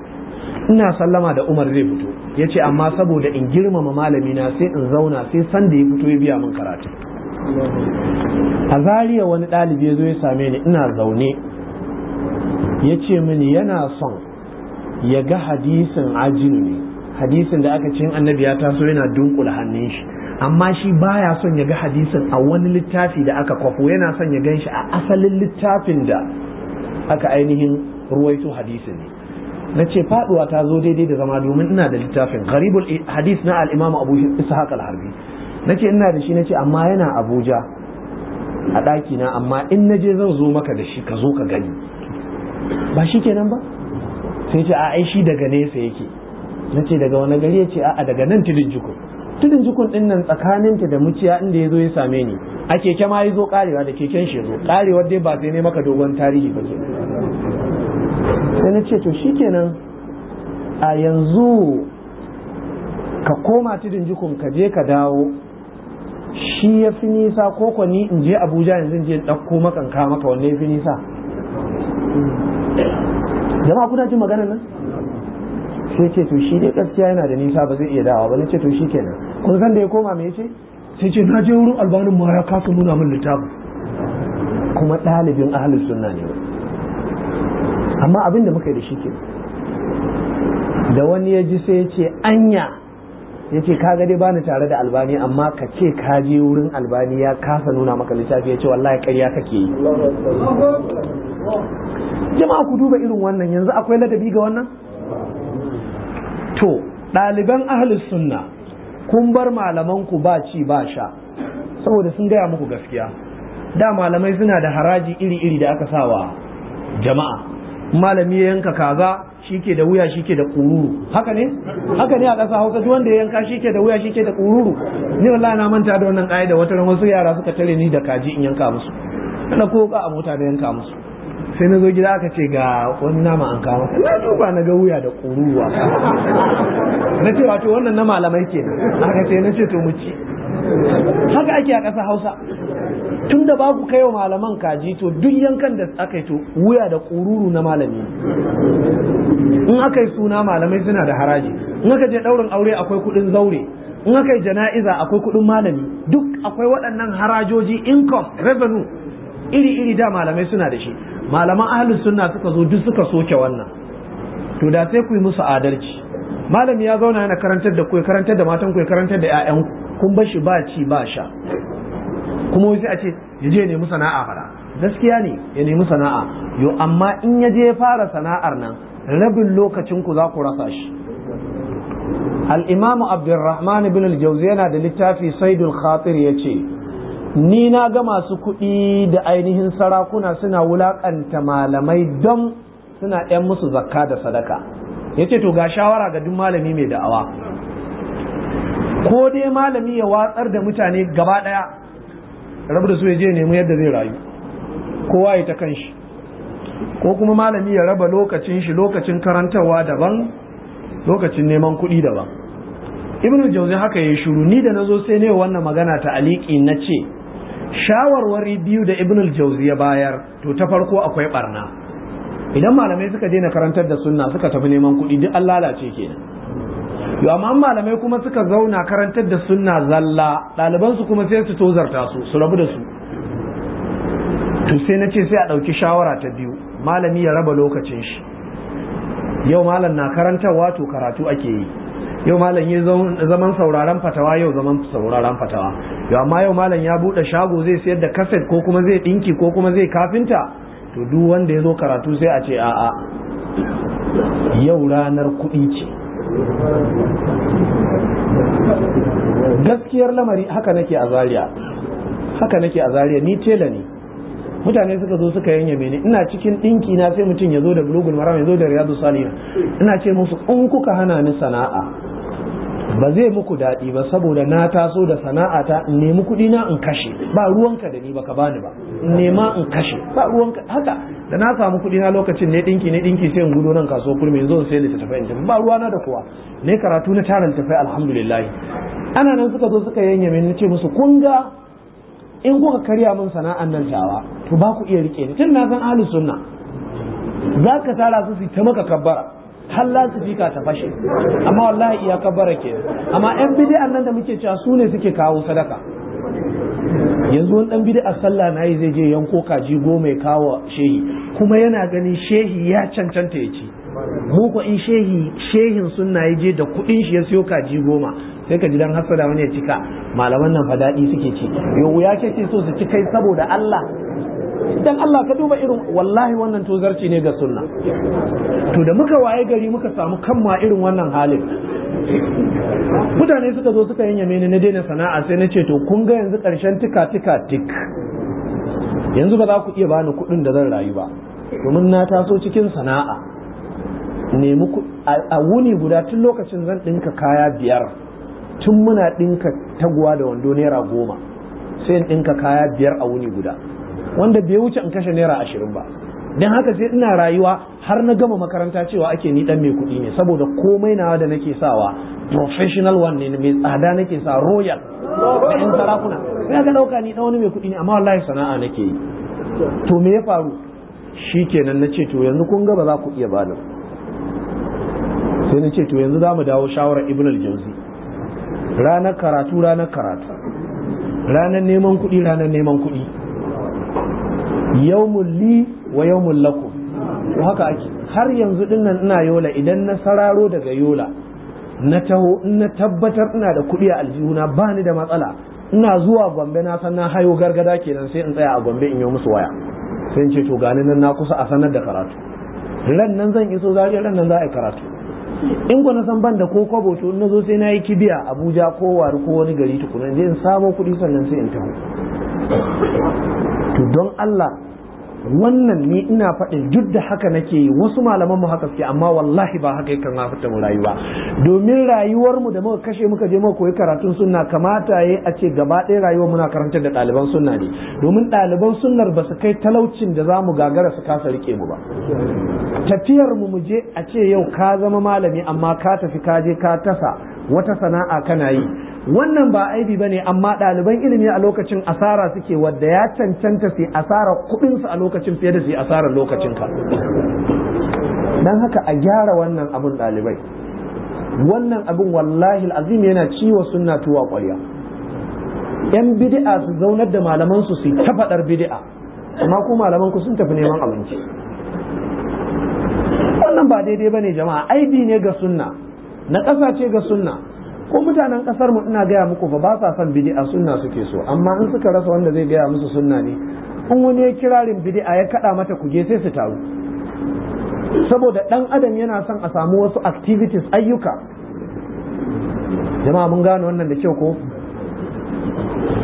ina sallama da Umar zai fito yace amma saboda in girmama malami na sai in zauna sai san da ya fito ya biya min karatu a zariya wani ɗalibi ya zo ya same ni ina zaune ya ce mini yana son ya ga hadisin ajinu ne hadisin da aka cin annabi ya taso yana dunkula hannun shi amma shi baya son ya ga hadisin a wani littafi da aka kwafo yana son ya gan shi a asalin littafin da aka ainihin ruwaito hadisin ne na ce faduwa ta zo daidai da zama domin ina da littafin gharibul hadis na al-imam abu ishaq al-harbi na ce ina da shi na ce amma yana abuja a ɗakina amma in na je zan zo maka da shi ka zo ka gani ba shi kenan ba sai ce a shi daga nesa yake na ce daga wani gari ya ce a daga nan tilin jikun tilin jikun din nan tsakaninta da muciya inda ya zo ya same ni a keke ma ya zo karewa da keken shi ya zo karewa dai ba sai ne maka dogon tarihi ba sai na ce to shikenan a yanzu ka koma tudun jikun ka je ka dawo shi ya fi nisa ko ko ni in je abuja yanzu je ɗauko makanka maka wanne ya fi nisa jama'a kuna jin maganar nan sai ce to shi dai gaskiya yana da nisa ba zai iya dawa ba ce to shi kenan kun san da ya koma me ce sai ce na je wurin albanin ma ya kasa nuna min littafin kuma ɗalibin ahalus sunna ne amma abin da muka yi da shi ke da wani ya ji sai ya ce anya ya ce ka dai bani tare da albani amma ka ce ka je wurin albani ya kasa nuna maka littafi ya ce wallahi ƙarya kake yi jama'a ku duba irin wannan yanzu akwai ladabi ga wannan to ɗaliban ahalus sunna kun bar malaman ku ba ci ba sha saboda sun gaya muku gaskiya da malamai suna da haraji iri-iri da aka sawa jama'a malami ya yanka kaza shike da wuya shike da kururu haka ne haka ne a ƙasa hausa duk wanda ya yanka shike da wuya shike da kururu ni wallahi na manta da wannan ƙa'ida wata ran wasu yara suka tare ni da kaji in yanka musu na koka a mota da yanka musu sai na zo gida aka ce ga wani nama an kawo na duba na ga wuya da kuruwa na ce wato wannan na malamai ke aka ce na ce to mu ci haka ake a ƙasa hausa tun da babu kai wa malaman kaji to duk yankan da aka yi to wuya da ƙururu na malami in aka yi suna malamai suna da haraji in aka je ɗaurin aure akwai kuɗin zaure in aka yi jana'iza akwai kuɗin malami duk akwai waɗannan harajoji income revenue iri iri da malamai suna da shi malaman ahlus sunna suka zo duk suka soke wannan to da sai ku yi musu adalci malami ya zauna yana karantar da ku karantar da matan ku karantar da ƴaƴan kun bar shi ba ci ba sha kuma wasu a ce ya je nemi sana'a fara gaskiya ne ya nemi sana'a yo amma in ya je fara sana'ar nan rabin lokacin ku za ku rasa shi al-imamu abdurrahman ibn al-jawzi yana da littafi saidul khatir yace ni na ga masu kuɗi da ainihin sarakuna suna wulaƙanta malamai don suna ‘yan musu zakka da sadaka ya ce to ga shawara ga duk malami mai da'awa ko dai malami ya watsar da mutane gaba ɗaya rabu da su ya je nemi yadda zai rayu kowa ya ta kan shi ko kuma malami ya raba lokacin shi lokacin karantarwa daban lokacin neman kuɗi daban ibn jauzi haka ya shuru ni da na zo sai ne wannan magana ta aliki na ce shawarwari biyu da ibn al-jawzi ya bayar to ta farko akwai barna idan malamai suka daina karantar da sunna suka tafi neman kuɗi duk an lalace kenan yo amma malamai kuma suka zauna karantar da sunna zalla ɗaliban su kuma sai su tozarta su su rabu da su to sai na ce sai a ɗauki shawara ta biyu malami ya raba lokacin shi yau malam na karantarwa to karatu ake yi yau malam ya zaman sauraron fatawa yau zaman sauraron fatawa yau amma yau malam ya bude shago zai sayar da kaset ko kuma zai dinki ko kuma zai kafinta to duk wanda ya zo karatu sai a ce a'a yau ranar kuɗi ce gaskiyar lamari haka nake a zaria haka nake a zaria ni tela ne mutane suka zo suka yanya mene ina cikin dinki na sai mutum ya zo da bulugul maram ya zo da riyadu salihin ina ce musu in kuka hana ni sana'a ba zai muku daɗi ba saboda na taso da sana'ata in nemi kuɗi na in kashe ba ruwanka da ni baka bani ba in nema in kashe ba ruwanka haka da na samu kuɗi na lokacin ne ɗinki ne ɗinki sai in gudu nan kaso kurmi yanzu sai littattafai in tafi ba na da kowa ne karatu na tarin tafi alhamdulillah ana nan suka zo suka yanya min nace musu kun ga in kuka karya min sana'an nan tawa to ba ku iya rike ni tun na san ahlus sunna za ka tara su su ta maka kabbara har fika ta fashe amma wallahi iya kabara ke amma yan bidi'an nan da muke cewa su ne suke kawo sadaka yanzu wani dan bid'a sallah na yi zai je yanko kaji goma ya kawo shehi kuma yana ganin shehi ya cancanta ya ci mu in shehi shehin sunna yi je da kuɗin shi ya siyo kaji goma sai ka ji dan hasada wani ya cika malaman nan fa daɗi suke ci yau ya ce ce so su ci kai saboda Allah Idan Allah ka duba irin wallahi wannan tozarci ne ga sunna to da muka waye gari muka samu kanmu irin wannan halin mutane suka zo suka yanyame ni na daina sana'a sai na ce to kun ga yanzu karshen tika tika tik yanzu ba za ku iya bani kuɗin da zan rayu ba domin na taso cikin sana'a nemi a wuni guda tun lokacin zan ɗinka kaya biyar tun muna ɗinka taguwa da wando naira goma sai in ɗinka kaya biyar a wuni guda wanda bai wuce in kashe naira ashirin ba don haka sai ina rayuwa har na gama makaranta cewa ake ni dan mai kuɗi ne saboda komai nawa da nake sawa professional one ne mai tsada nake sa royal da yan sarakuna sai ga dauka ni dan wani mai kuɗi ne amma wallahi sana'a nake yi to me ya faru shikenan nace to yanzu kun ga ba za ku iya bani sai nace to yanzu za mu dawo shawarar ibn al-jawzi ranar karatu ranar karatu ranar neman kuɗi ranar neman kuɗi yawmul li wa yawmul lakum to haka ake har yanzu dinnan ina yola idan na sararo daga yola na taho in na tabbatar ina da kuɗi a aljihuna ba ni da matsala ina zuwa gombe na san na hayo gargada kenan sai in tsaya a gombe in yi musu waya sai in ce to gani nan na kusa a sanar da karatu ran nan zan iso za ran nan za a yi karatu in ku na san ban da ko kwabo na zo sai na yi kibiya abuja ko wari ko wani gari tukuna je in samo kuɗi sannan sai in taho to don Allah wannan ni ina faɗin duk da haka nake wasu malaman mu haka suke amma wallahi ba haka yakan hafta mu rayuwa domin rayuwar mu da muka kashe muka je muka koyi karatun sunna kamata yayi a ce gaba ɗaya rayuwar muna karantar da ɗaliban sunna ne domin ɗaliban sunnar ba su kai talaucin da zamu gagara su kasa rike mu ba tafiyar mu mu je a ce yau ka zama malami amma ka tafi ka je ka tasa wata sana'a kana yi wannan ba aibi ba ne amma ɗaliban ilimi a lokacin asara suke wadda ya cancanta su asara kuɗinsu a lokacin fiye da su asarar lokacinka don haka a gyara wannan abun ɗalibai wannan abin wallahi azim yana ciwo sunna tuwa ƙwarya yan bid'a su zaunar da malaman su su ta faɗar bid'a amma ko malaman ku sun tafi neman abinci wannan ba daidai bane jama'a aibi ne ga sunna na ƙasa ga sunna ko mutanen ƙasar mu ina gaya muku fa ba sa son bid'a sunna suke so amma in suka rasa wanda zai gaya musu sunna ne in wani ya kirarin bid'a ya kaɗa mata kuge sai su taru saboda ɗan adam yana son a samu wasu activities ayyuka jama'a mun gane wannan da kyau ko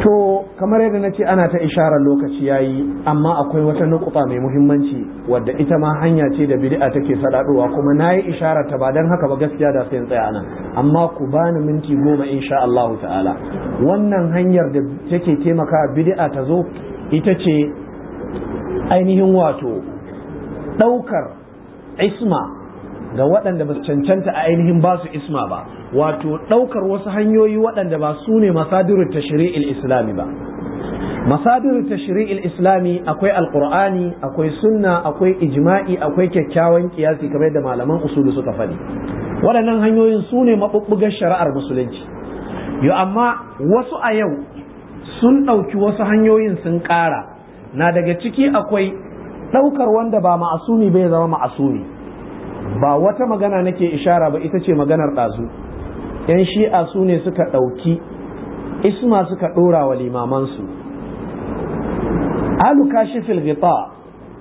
to kamar yadda na ce ana ta isharar lokaci ya yi amma akwai wata nukuta mai muhimmanci wadda ita ma hanya ce da bid'a take sadadowa kuma nayi isharar ta ba don haka ba gaskiya da sai tsaya amma ku bani minti goma in sha Allah ta'ala wannan hanyar da take taimaka bid'a ta zo ita ce ainihin wato ɗaukar isma ga waɗanda ba su cancanta a ainihin ba su isma ba wato ɗaukar wasu hanyoyi waɗanda ba su ne masadirin tashri'il islami ba masadirin tashri'il islami akwai Alƙur'ani, akwai sunna akwai ijma'i akwai kyakkyawan ƙiyasi, kamar da malaman usulu suka faɗi waɗannan hanyoyin su ne maɓuɓɓugar shari'ar musulunci yo amma wasu a yau sun ɗauki wasu hanyoyin sun ƙara na daga ciki akwai ɗaukar wanda ba ma'asumi bai zama ma'asumi ba wata magana nake ishara ba ita ce maganar ɗazu yan shi'a su ne suka ɗauki isma suka ɗora wa limamansu alu kashifil ghita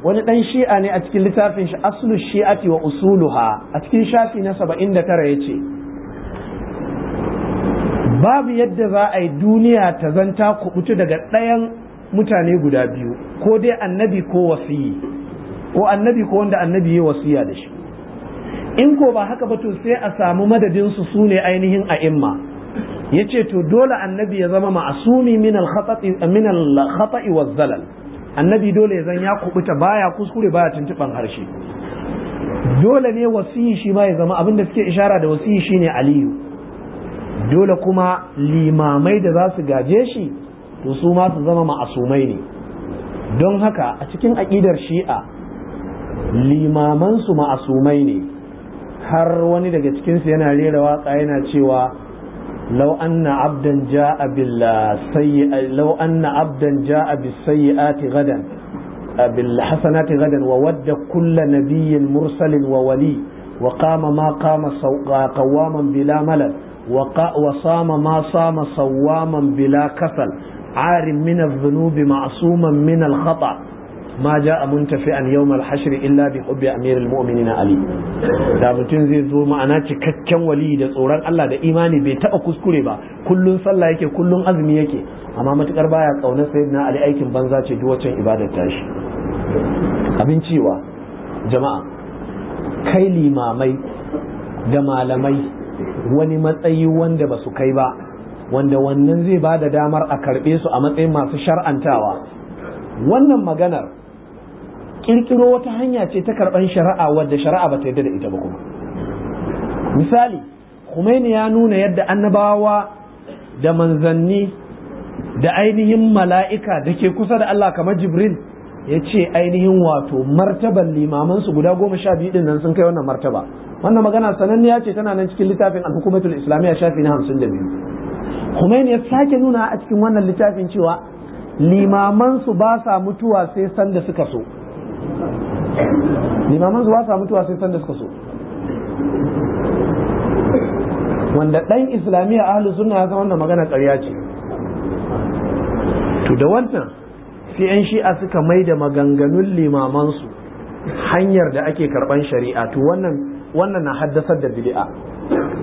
wani ɗan shi'a ne a cikin littafin shi aslu shi'ati wa usuluha a cikin shafi na saba'in da tara ya ce babu yadda za a yi duniya ta zanta kubutu daga ɗayan mutane guda biyu ko dai annabi ko wasiyi ko annabi ko wanda annabi ya wasiya da shi in ko ba haka ba to sai a samu madadin su ne ainihin a imma. Ya ce to dole annabi ya zama ma'asumi min al-khata'i zalal annabi dole ya zan ya kubuta baya kuskure baya tuntuban harshe dole ne wasiyi shi ma ya zama abinda suke ishara da wasiyi ne aliyu dole kuma limamai da za su gaje shi to su ma su zama ma'asumai ne don haka a cikin aƙidar shi'a limamansu ma'asumai ne har wani daga cikinsu yana rera waka yana cewa lau abdan ja'a billa sayyi gadan bil kulla gadan wa mursalin wa wali wa qama ma qama sawqa bila malal wa qa ma sama sawaman bila kasal عار mina الذنوب معصوما من الخطأ ma جاء muntafi'an يوم الحشر illa bi امير المؤمنين علي ali da mutum zai zo ma'ana cikakken wali da tsoron Allah da imani bai taba kuskure ba kullun sallah yake kullun azumi yake amma matukar baya kaunar sayyidina ali aikin banza ce duk wacin ibadar shi abin cewa jama'a kai limamai da malamai wani matsayi wanda ba su kai ba wanda wannan zai ba da damar a karɓe su a matsayin masu shar'antawa wannan maganar kirkiro wata hanya ce ta karɓar shari'a wadda shari'a ba ta da ita ba kuma misali Khomeini ya nuna yadda annabawa da manzanni da ainihin mala'ika da ke kusa da Allah kamar Jibril ya ce ainihin wato martaban limamansu guda goma sha biyu din nan sun kai wannan martaba wannan magana sananniya ce tana nan cikin littafin al-hukumatul islamiyya shafi na hamsin da biyu Khomeini ya sake nuna a cikin wannan littafin cewa limamansu ba sa mutuwa sai sanda suka so limaman su ba sa mutuwa sai sanda suka so wanda ɗan islamiyya ahalus suna ya san wannan magana ƙarya ce to da wannan sai yan shi'a suka mai da maganganun su hanyar da ake karɓar shari'a to wannan wannan na haddasar da bid'a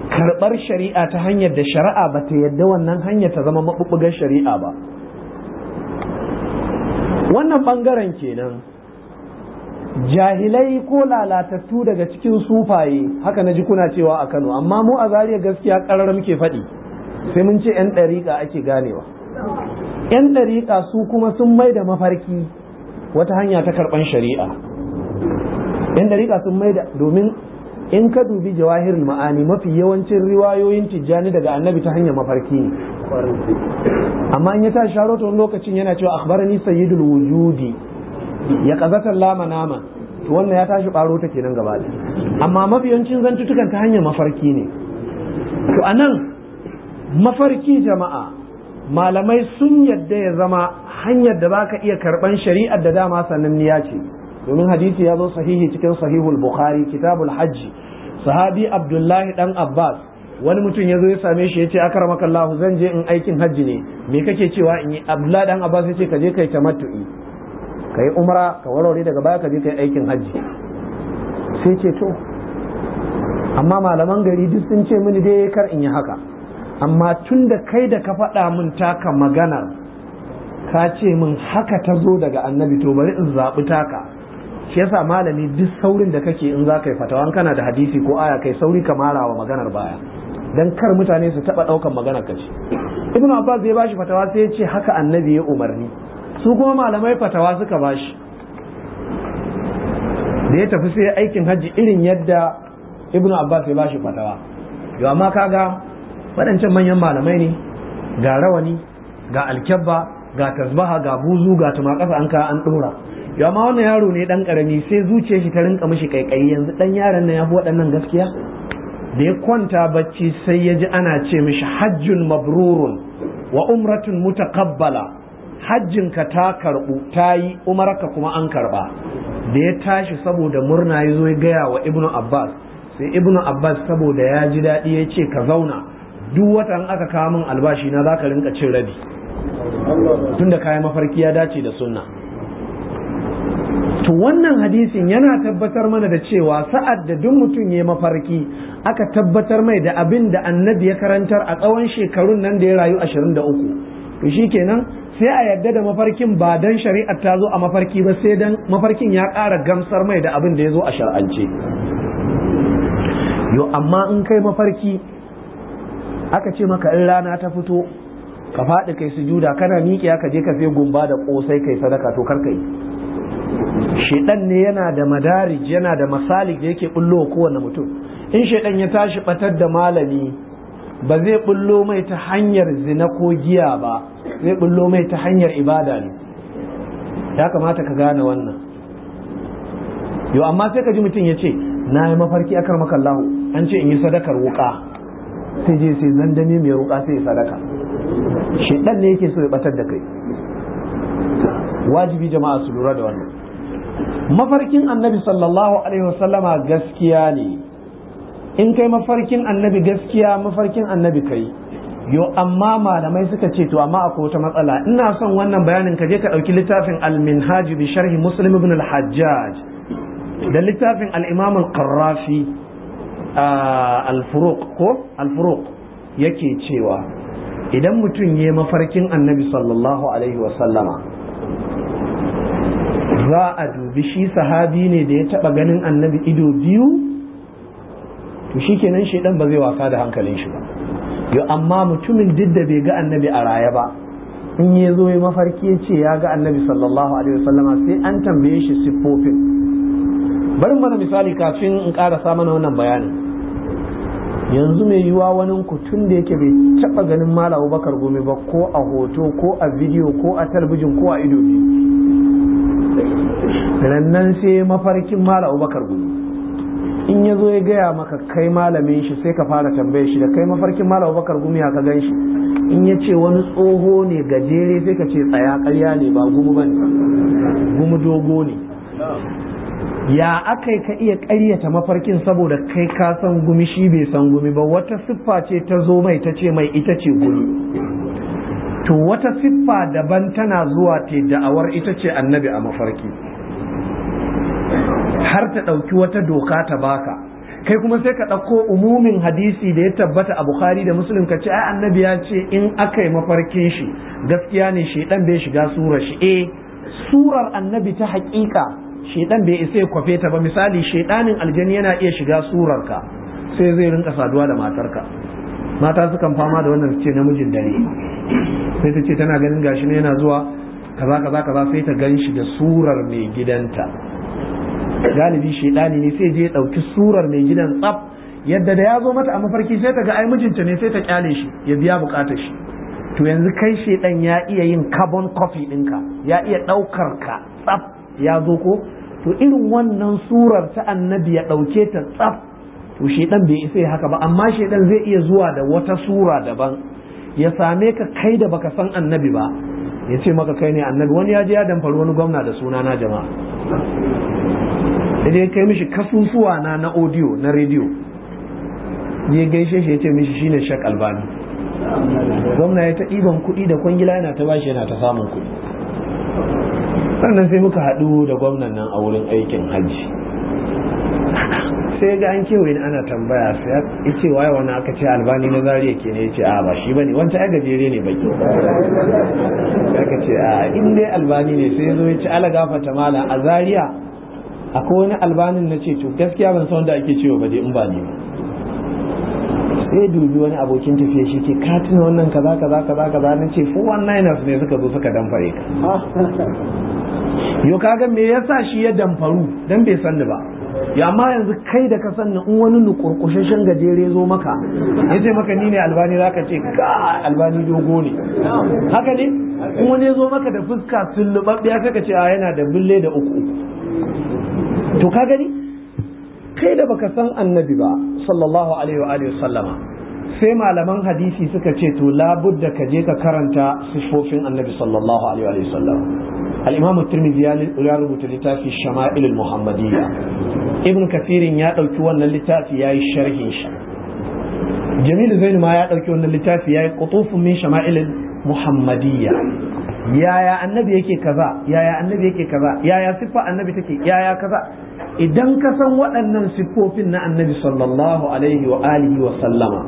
karɓar shari'a ta hanyar da shari'a ba ta yadda wannan hanyar ta zama mabubugar shari'a ba wannan bangaren kenan jahilai ko lalatattu daga cikin sufaye haka na ji kuna cewa a Kano amma mu a zariya gaskiya karar muke faɗi sai mun ce 'yan ɗariƙa ake ganewa 'yan ɗariƙa su kuma sun mai da mafarki wata hanya ta karɓan shari'a 'yan ɗariƙa sun mai da domin in ka dubi jawahirul ma'ani mafi yawancin riwayoyin tijjani daga annabi ta hanyar mafarki amma in ya tashi sharoton lokacin yana cewa akhbarani sayyidul wujudi ya ƙazatar lama nama to wannan ya tashi ɓaro ta kenan gaba amma mafiyancin zantutukan ta hanyar mafarki ne to a nan mafarki jama'a malamai sun yadda ya zama hanyar da ka iya karɓar shari'ar da dama sannan niya ce domin hadisi ya zo sahihi cikin sahihul bukhari kitabul hajji sahabi abdullahi dan abbas wani mutum ya zo ya same shi ya ce akar makallahu zan je in aikin hajji ne me kake cewa in yi abdullahi dan abbas ya ce ka je kai tamattu'i ka yi umara ka warware daga baya ka je ka yi aikin hajji sai ce to amma malaman gari duk sun ce mini dai kar in yi haka amma tun da kai da ka faɗa min taka maganar ka ce min haka ta zo daga annabi to bari in zaɓi taka shi yasa malami duk saurin da kake in za ka yi fatawan kana da hadisi ko aya kai sauri ka mara maganar baya dan kar mutane su taɓa ɗaukan maganar ka ce ibnu abbas bai bashi fatawa sai ya ce haka annabi ya umarni su kuma malamai fatawa suka ba shi. da ya tafi sai aikin hajji irin yadda ibnu abbas ya shi fatawa yau amma kaga waɗancan manyan malamai ne ga rawani ga alkyabba ga tasbaha ga buzu ga tumakasa an ka an ɗora yau amma wannan yaro ne dan ƙarami sai zuce shi ta rinka mishi kaikayi yanzu ɗan yaron na ya fi waɗannan gaskiya da ya kwanta bacci sai ya ji ana ce mishi hajjun mabrurun wa umratun mutakabbala Hajjin ka ta karɓu ta yi umarka kuma an karɓa da ya tashi saboda murna ya zo gaya wa ibnu abbas sai ibnu abbas saboda ya ji daɗi ya ce ka zauna duk watan aka kawo min albashi na za ka rinka cin rabi tunda kayan mafarki ya dace da sunna to wannan hadisin yana tabbatar mana da cewa sa'ad da duk mutum ya mafarki aka tabbatar mai da abin da annabi ya karantar a tsawon shekarun nan da ya rayu 23 to shi kenan sai a yadda da mafarkin ba dan shari'ar ta zo a mafarki ba sai dan mafarkin ya ƙara gamsar mai da abin da ya zo a shar'ance yau amma in kai mafarki aka ce maka in rana ta fito ka faɗi kai sujuda kana miƙe ka je ka sai gumba da ƙosai kai sadaka to kar kai shedan ne yana da madarij yana da masalik da yake bullo kowane mutum in shedan ya tashi batar da malami ba zai bullo mai ta hanyar zina ko giya ba zai bullo mai ta hanyar ibada ne ya kamata ka gane wannan yau amma sai ka ji mutum ya ce na yi mafarki akar makallahu an ce in yi sadakar wuka sai je sai zandame mai wuka sai ya sadaka shi ne yake so ya batar da kai wajibi jama'a su lura da wannan mafarkin annabi sallallahu alaihi wasallama gaskiya ne in kai mafarkin annabi gaskiya mafarkin annabi kai yo amma malamai suka ce to amma akwai wata matsala ina son wannan bayanin ka je ka ɗauki littafin al-minhaj bi sharhi muslim ibn al-hajjaj da littafin al-imam al-qarrafi al-furuq ko al-furuq yake cewa idan mutum ya mafarkin annabi sallallahu alaihi wa sallama za a dubi shi sahabi ne da ya taba ganin annabi ido biyu to shi shi shedan ba zai wasa da hankalin shi ba Yau amma mutumin duk da bai ga annabi a raya ba in ya zo ya mafarki ya ce ya ga annabi sallallahu alaihi wasallama sai an tambaye shi siffofin bari mana misali kafin in ƙara mana wannan bayanin yanzu mai yiwa wani kutun da yake bai taba ganin malam bakar gome ba ko a hoto ko a bidiyo ko a talbijin ko a ido rannan sai mafarkin malam bakar gome in ya zo ya gaya maka kai malamin shi sai ka fara tambaye shi da kai mafarkin malam bakar gumiya ka gan shi in ya ce wani tsoho ne gajere sai ka ce tsaya karya ne ba gumu ba ne gumu dogo ne ya aka ka iya ƙaryata mafarkin saboda kai ka san gumi shi bai san gumi ba wata siffa ce ta zo mai ta ce mai ita ce gumi to wata siffa daban tana zuwa ta da'awar ita ce annabi a mafarki har ta ɗauki wata doka ta baka kai kuma sai ka ɗauko umumin hadisi da ya tabbata a bukhari da muslim ka ce annabi ya ce in aka yi mafarkin shi gaskiya ne shaidan bai shiga surar shi eh surar annabi ta haƙiƙa shaidan bai isa ya kwafe ta ba misali shaidanin aljani yana iya shiga surar ka sai zai rinka saduwa da matarka mata sukan fama da wannan su ce namijin dare sai ta ce tana ganin gashi ne yana zuwa kaza kaza kaza sai ta gan shi da surar mai gidanta galibi shaidani ne sai je ya ɗauki surar mai gidan tsaf yadda da ya zo mata a mafarki sai ta ga ai mijinta ne sai ta kyale shi ya biya bukatar shi to yanzu kai shaidan ya iya yin carbon copy ɗinka ya iya ɗaukar ka tsaf ya zo ko to irin wannan surar ta annabi ya ɗauke ta tsaf to shaidan bai isa haka ba amma shaidan zai iya zuwa da wata sura daban ya same ka kai da baka san annabi ba ya ce maka kai ne annabi wani ya je ya damfari wani gwamna da suna na jama'a sai dai kai mishi kasusuwa na na audio na radio ya gaishe shi ya ce mishi shine shak albani gwamna ya ta ɗiban kuɗi da kwangila yana ta bashi yana ta samun kuɗi sannan sai muka haɗu da gwamnan nan a wurin aikin hajji sai ga an kewaye ni ana tambaya sai ya ce waye wani aka ce albani na zariya ke ne ya ce a ba shi ne wancan ai gajere ne baki aka ce a inda albani ne sai ya zo ya ce ala gafata mala a zariya akwai wani albanin na ce to gaskiya ban san wanda ake cewa ba dai in ba ne sai dubi wani abokin tafiya shi ke ka ka za kaza kaza kaza za na ce 419ers ne suka zo suka damfare ka ka kaga me yasa shi ya damfaru dan bai sanni ba ya ma yanzu kai da ka sanni in wani nukurkushashen gajere zo maka ya ce maka ni ne albani ka ce ka albani dogo ne haka ne in wani ya zo maka da fuska sun lubabbe ya ce a yana da bulle da uku to ka gani kai da baka san annabi ba sallallahu alaihi wa alihi sallama sai malaman hadisi suka ce to labudda ka je ka karanta sifofin annabi sallallahu alaihi wa alihi sallama al-imam tirmidhi ya rubuta littafi shama'il al-muhammadiyya ibn kathirin ya dauki wannan littafi yayi sharhin shi jamilu zainu ma ya dauki wannan littafi yayi qutufun min shama'il al-muhammadiyya yaya annabi yake kaza yaya annabi yake kaza yaya siffa annabi take yaya kaza idan ka san waɗannan siffofin na annabi sallallahu alaihi wa alihi wa sallama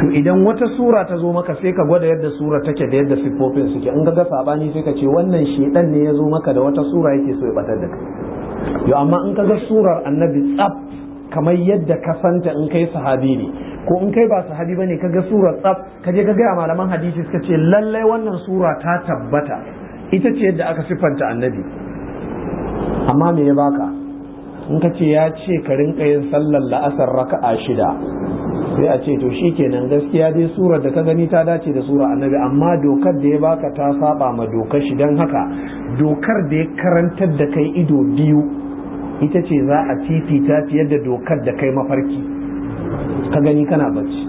to idan wata sura ta zo maka sai ka gwada yadda sura take da yadda siffofin suke in ga sabani sai ka ce wannan shedan ne ya zo maka da wata sura yake so ya batar da kai yo amma in ka ga surar annabi tsaf kamar yadda ka santa in kai sahabi ne ko in kai ba sahabi bane ka ga surar tsaf ka je ka ga malaman hadisi suka ce lallai wannan sura ta tabbata ita ce yadda aka siffanta annabi amma me ya baka in ka ce ya ce ka rinka yin sallar la'asar raka'a shida sai a ce to shikenan gaskiya dai surar da ka gani ta dace da sura annabi amma dokar da ya baka ta saba ma dokar shi don haka dokar da ya karantar da kai ido biyu ita ce za a fifita fiye da dokar da kai mafarki ka gani kana bacci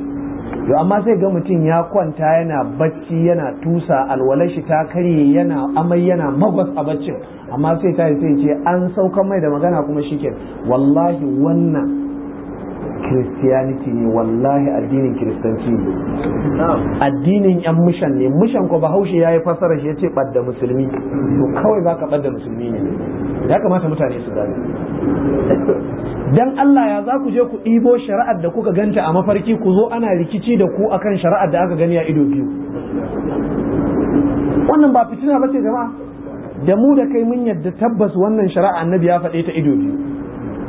to amma sai ga mutum ya kwanta yana bacci yana tusa alwalashi ta karye yana amai yana magwas a baccin amma sai ta sai ce an sauka mai da magana kuma shi ke. wallahi wannan christianity ne wallahi addinin kiristanci ne addinin yan mushan ne mushan ko bahaushe ya yi fasara shi ya ce ɓadda musulmi to kawai za ka ɓadda musulmi ne ya kamata mutane su gane dan Allah ya za ku je ku ɗibo shari'ar da kuka ganta a mafarki ku zo ana rikici da ku akan shari'ar da aka gani a ido biyu wannan ba fitina ba ce jama'a da mu da kai mun yadda tabbas wannan shari'a annabi ya faɗe ta ido biyu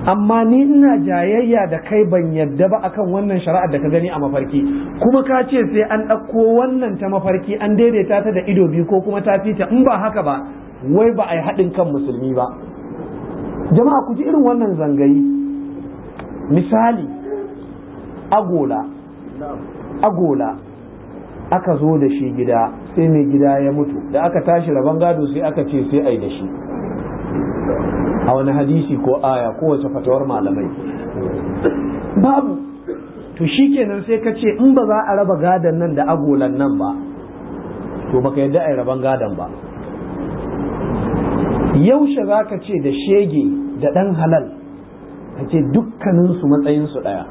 amma ni ina jayayya da kai ban yadda ba akan wannan shari'a da ka gani a mafarki kuma ka ce sai an ɗauko wannan ta mafarki an daidaita ta da ido biyu ko kuma ta fita in ba haka ba wai ba a yi haɗin kan musulmi ba jama'a ku ji irin wannan zangayi misali agola agola aka zo da shi gida sai mai gida ya mutu da aka tashi rabon gado sai aka ce sai ai da shi a wani hadisi ko aya ko wace fatawar malamai babu to shi kenan sai ka ce in ba za a raba gadon nan da agolan nan ba to baka yadda ai rabon gadon ba yaushe za ka ce da shege da ɗan halal ka ce dukkaninsu matsayinsu ɗaya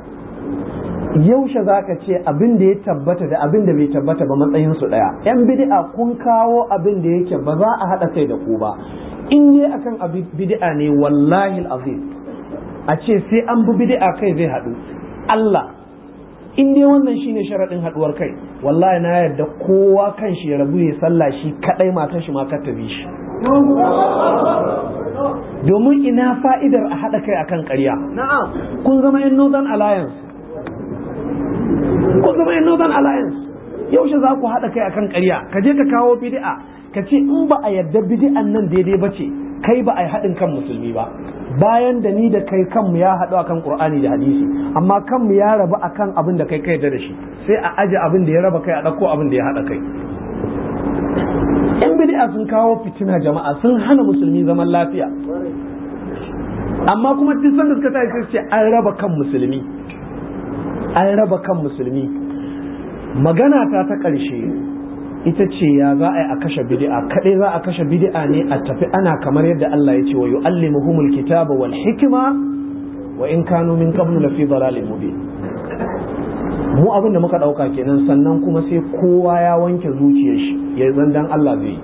yaushe za ka ce abin da ya tabbata da abin da bai tabbata ba matsayin su ɗaya yan bid'a kun kawo abin da yake ba za a haɗa kai da ku ba in ne akan bid'a ne wallahi azim a ce sai an bi bidi'a kai zai haɗu Allah in dai wannan shine sharaɗin haɗuwar kai wallahi na yarda kowa kan shi ya rabu ya salla shi kaɗai matan shi ma ta shi domin ina fa'idar a haɗa kai akan ƙarya kun zama yan northern alliance ko zama yin northern alliance yaushe za ku haɗa kai akan ƙarya ka je ka kawo Bidi'a. ka ce in ba a yarda Bidi'an nan daidai ba ce kai ba a yi haɗin kan musulmi ba bayan da ni da kai kanmu ya haɗu akan Kur'ani da hadisi amma kanmu ya rabu akan abin da kai kai da shi sai a aje abin da ya raba kai a ɗauko abin da ya haɗa kai yan bid'a sun kawo fitina jama'a sun hana musulmi zaman lafiya amma kuma duk sanda suka tashi ce, an raba kan musulmi an raba kan musulmi magana ta ta ƙarshe ita ce ya za a yi a kashe bidi'a. Kaɗai za a kashe bidi'a ne a tafi ana kamar yadda Allah ya ce wa humul kitaba wal hikima wa in kanu min qablu lafi mubin mu abin da muka dauka kenan sannan kuma sai kowa ya wanke zuciyar shi ya zan dan Allah zai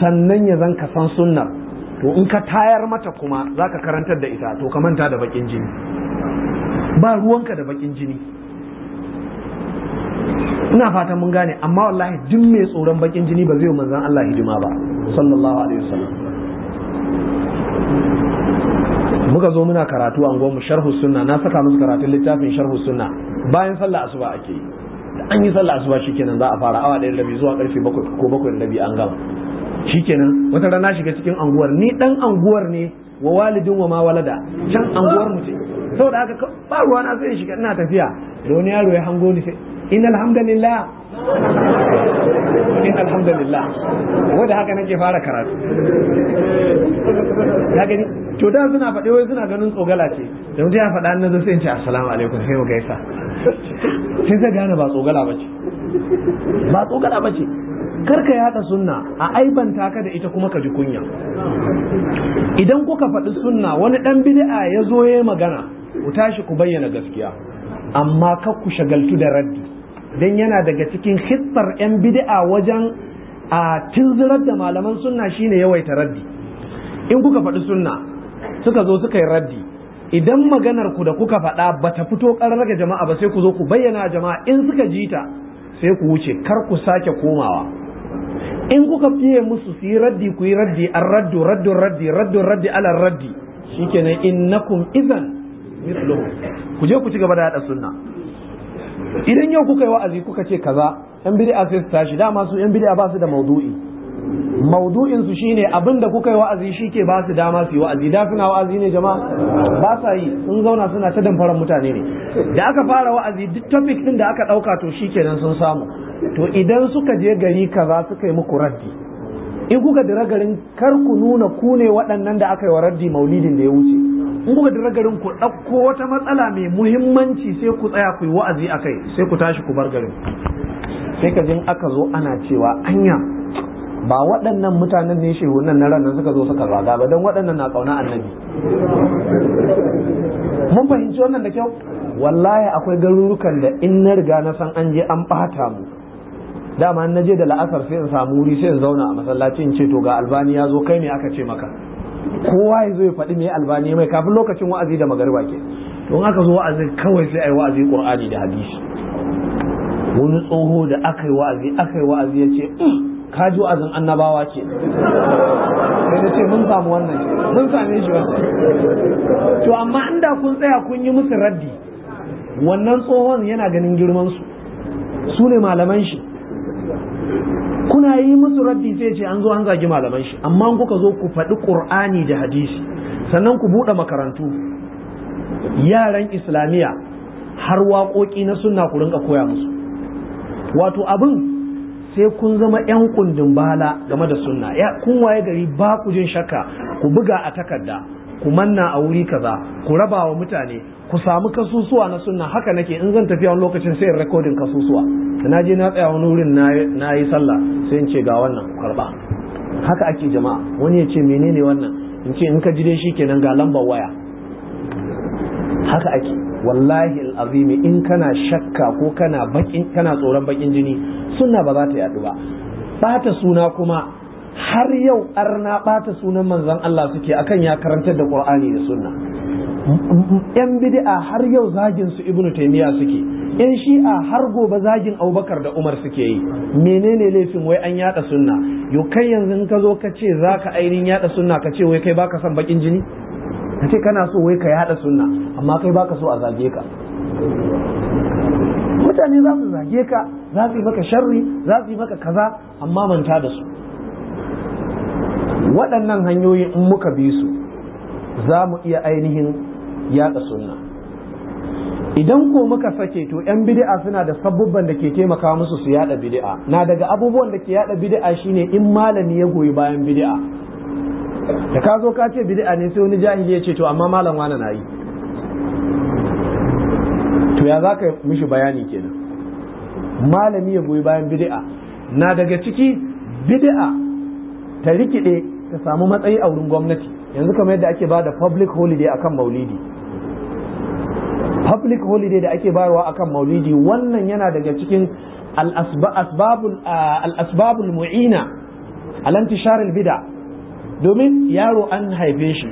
sannan ya zan ka san sunna to in ka tayar mata kuma zaka karantar da ita to ka manta da bakin jini ba ruwanka da bakin jini ina fatan mun gane amma wallahi duk mai tsoron bakin jini ba zai manzan Allah hidima ba sallallahu alaihi wasallam muka zo muna karatu a mu sharhu sunna na saka musu karatun littafin sharhu sunna bayan sallah asuba ake yi Da an yi sallah asuba shikenan za a fara awa ɗaya rabi zuwa karfe bakwai ko bakwai da rabi an gama shikenan wata rana shiga cikin anguwar ni dan anguwar ne wa walidin wa ma walada can anguwar mu ce saboda haka ba ruwa na sai shiga ina tafiya da wani yaro ya hango ni sai in alhamdulillah in alhamdulillah wanda haka nake fara karatu ya gani to da suna faɗi wai suna ganin tsogala ce da mutum ya faɗa na sai in ce assalamu alaikum sai mu gaisa sai zai gane ba tsogala ba ce ba tsogala ba ce karka yada sunna a aibanta ka da ita kuma ka ji kunya idan kuka faɗi sunna wani ɗan bid'a ya zo ya magana ku tashi ku bayyana gaskiya amma kar ku shagaltu da raddi dan yana daga cikin hissar yan bid'a wajen a tunzirar da malaman sunna shine yawaita raddi in kuka faɗi sunna suka zo suka yi raddi idan maganar ku da kuka faɗa ba ta fito ƙarar ga jama'a ba sai ku zo ku bayyana jama'a in suka ji ta sai ku wuce kar ku sake komawa in kuka fiye musu su yi raddi ku yi raddi an raddu raddu raddi raddu raddi ala raddi shikenan innakum idan mithluhu ku je ku ci gaba da yada sunna idan yau kuka yi wa'azi kuka ce kaza yan bid'a sai su tashi dama su yan bid'a ba su da maudu'i maudu'in su shine abin da kuka yi wa'azi shike ba su dama su yi wa'azi da suna wa'azi ne jama'a ba sa yi sun zauna suna ta damfaran mutane ne da aka fara wa'azi duk topic din da aka dauka to shikenan sun samu to idan suka je gari kaza suka yi muku raddi in kuka dira garin kar ku nuna ku ne waɗannan da aka yi wa raddi maulidin da ya wuce in kuka dira garin ku ɗauko wata matsala mai muhimmanci sai ku tsaya ku yi wa'azi a kai sai ku tashi ku bar garin sai ka jin aka zo ana cewa anya ba waɗannan mutanen ne shehu nan na ranar suka zo suka zaga ba don waɗannan na ƙauna annabi mun fahimci wannan da kyau wallahi akwai garurukan da in na riga na san an je an ɓata mu dama na je da la'asar sai in samu wuri sai in zauna a masallaci in ce to ga albani ya zo kai ne aka ce maka kowa ya zo ya faɗi mai albani mai kafin lokacin wa'azi da magariba ke don aka zo wa'azi kawai sai a yi wa'azi qur'ani da hadisi wani tsoho da aka yi wa'azi aka yi wa'azi ya ce ka ji wa'azin annabawa ke sai da ce mun samu wannan mun same shi wannan to amma inda kun tsaya kun yi musu raddi wannan tsohon yana ganin girman su su ne malaman shi kuna yi musu raddi sai ce an zo an zagi malaman shi amma kuka zo ku faɗi qur'ani da hadisi sannan ku buɗe makarantu yaran islamiyya har waƙoƙi na sunna ku rinka koya musu wato abin sai kun zama 'yan kundin bala game da sunna ya kun waye gari ba ku jin shakka ku buga a takarda ku manna a wuri kaza ku raba wa mutane ku samu kasusuwa na sunna haka nake in zan tafi wani lokacin sai in rekodin kasusuwa na je na tsaya wani wurin na yi sallah sai in ce ga wannan ku karba haka ake jama'a wani ya ce menene wannan in ce in ka ji dai kenan ga lambar waya haka ake wallahi al'azimi in kana shakka ko kana bakin kana tsoron bakin jini sunna ba za ta yadu ba Ba ta suna kuma har yau arna ɓata sunan manzan Allah suke akan ya karantar da ƙur'ani da sunna yan bid'a har yau zagin su ibnu taymiya suke yan shi'a har gobe zagin abubakar da umar suke yi menene laifin wai an yada sunna yo kai yanzu in ka zo ka ce zaka ainihin yada sunna ka ce wai kai baka son bakin jini ka ce kana so wai ka yada sunna amma kai baka so a zage ka mutane za su zage ka za su yi maka sharri za su yi maka kaza amma manta da su waɗannan hanyoyi in muka bi su za mu iya ainihin yaɗa sunna idan ko muka sake to 'yan bid'a suna da sabubban da ke taimaka musu su yaɗa bid'a na daga abubuwan da ke yaɗa bid'a shine in malami ya goyi bayan bid'a da ka zo ka ce bid'a ne sai wani jahili ya ce to amma malam wani na yi to ya za ka mishi bayani kenan malami ya goyi bayan bid'a na daga ciki bid'a ta rikide ta samu matsayi a wurin gwamnati yanzu kamar yadda ake ba da public holiday akan maulidi public holiday da ake bayarwa akan maulidi wannan yana daga cikin al mu'ina al-intishar bida domin yaro an haife shi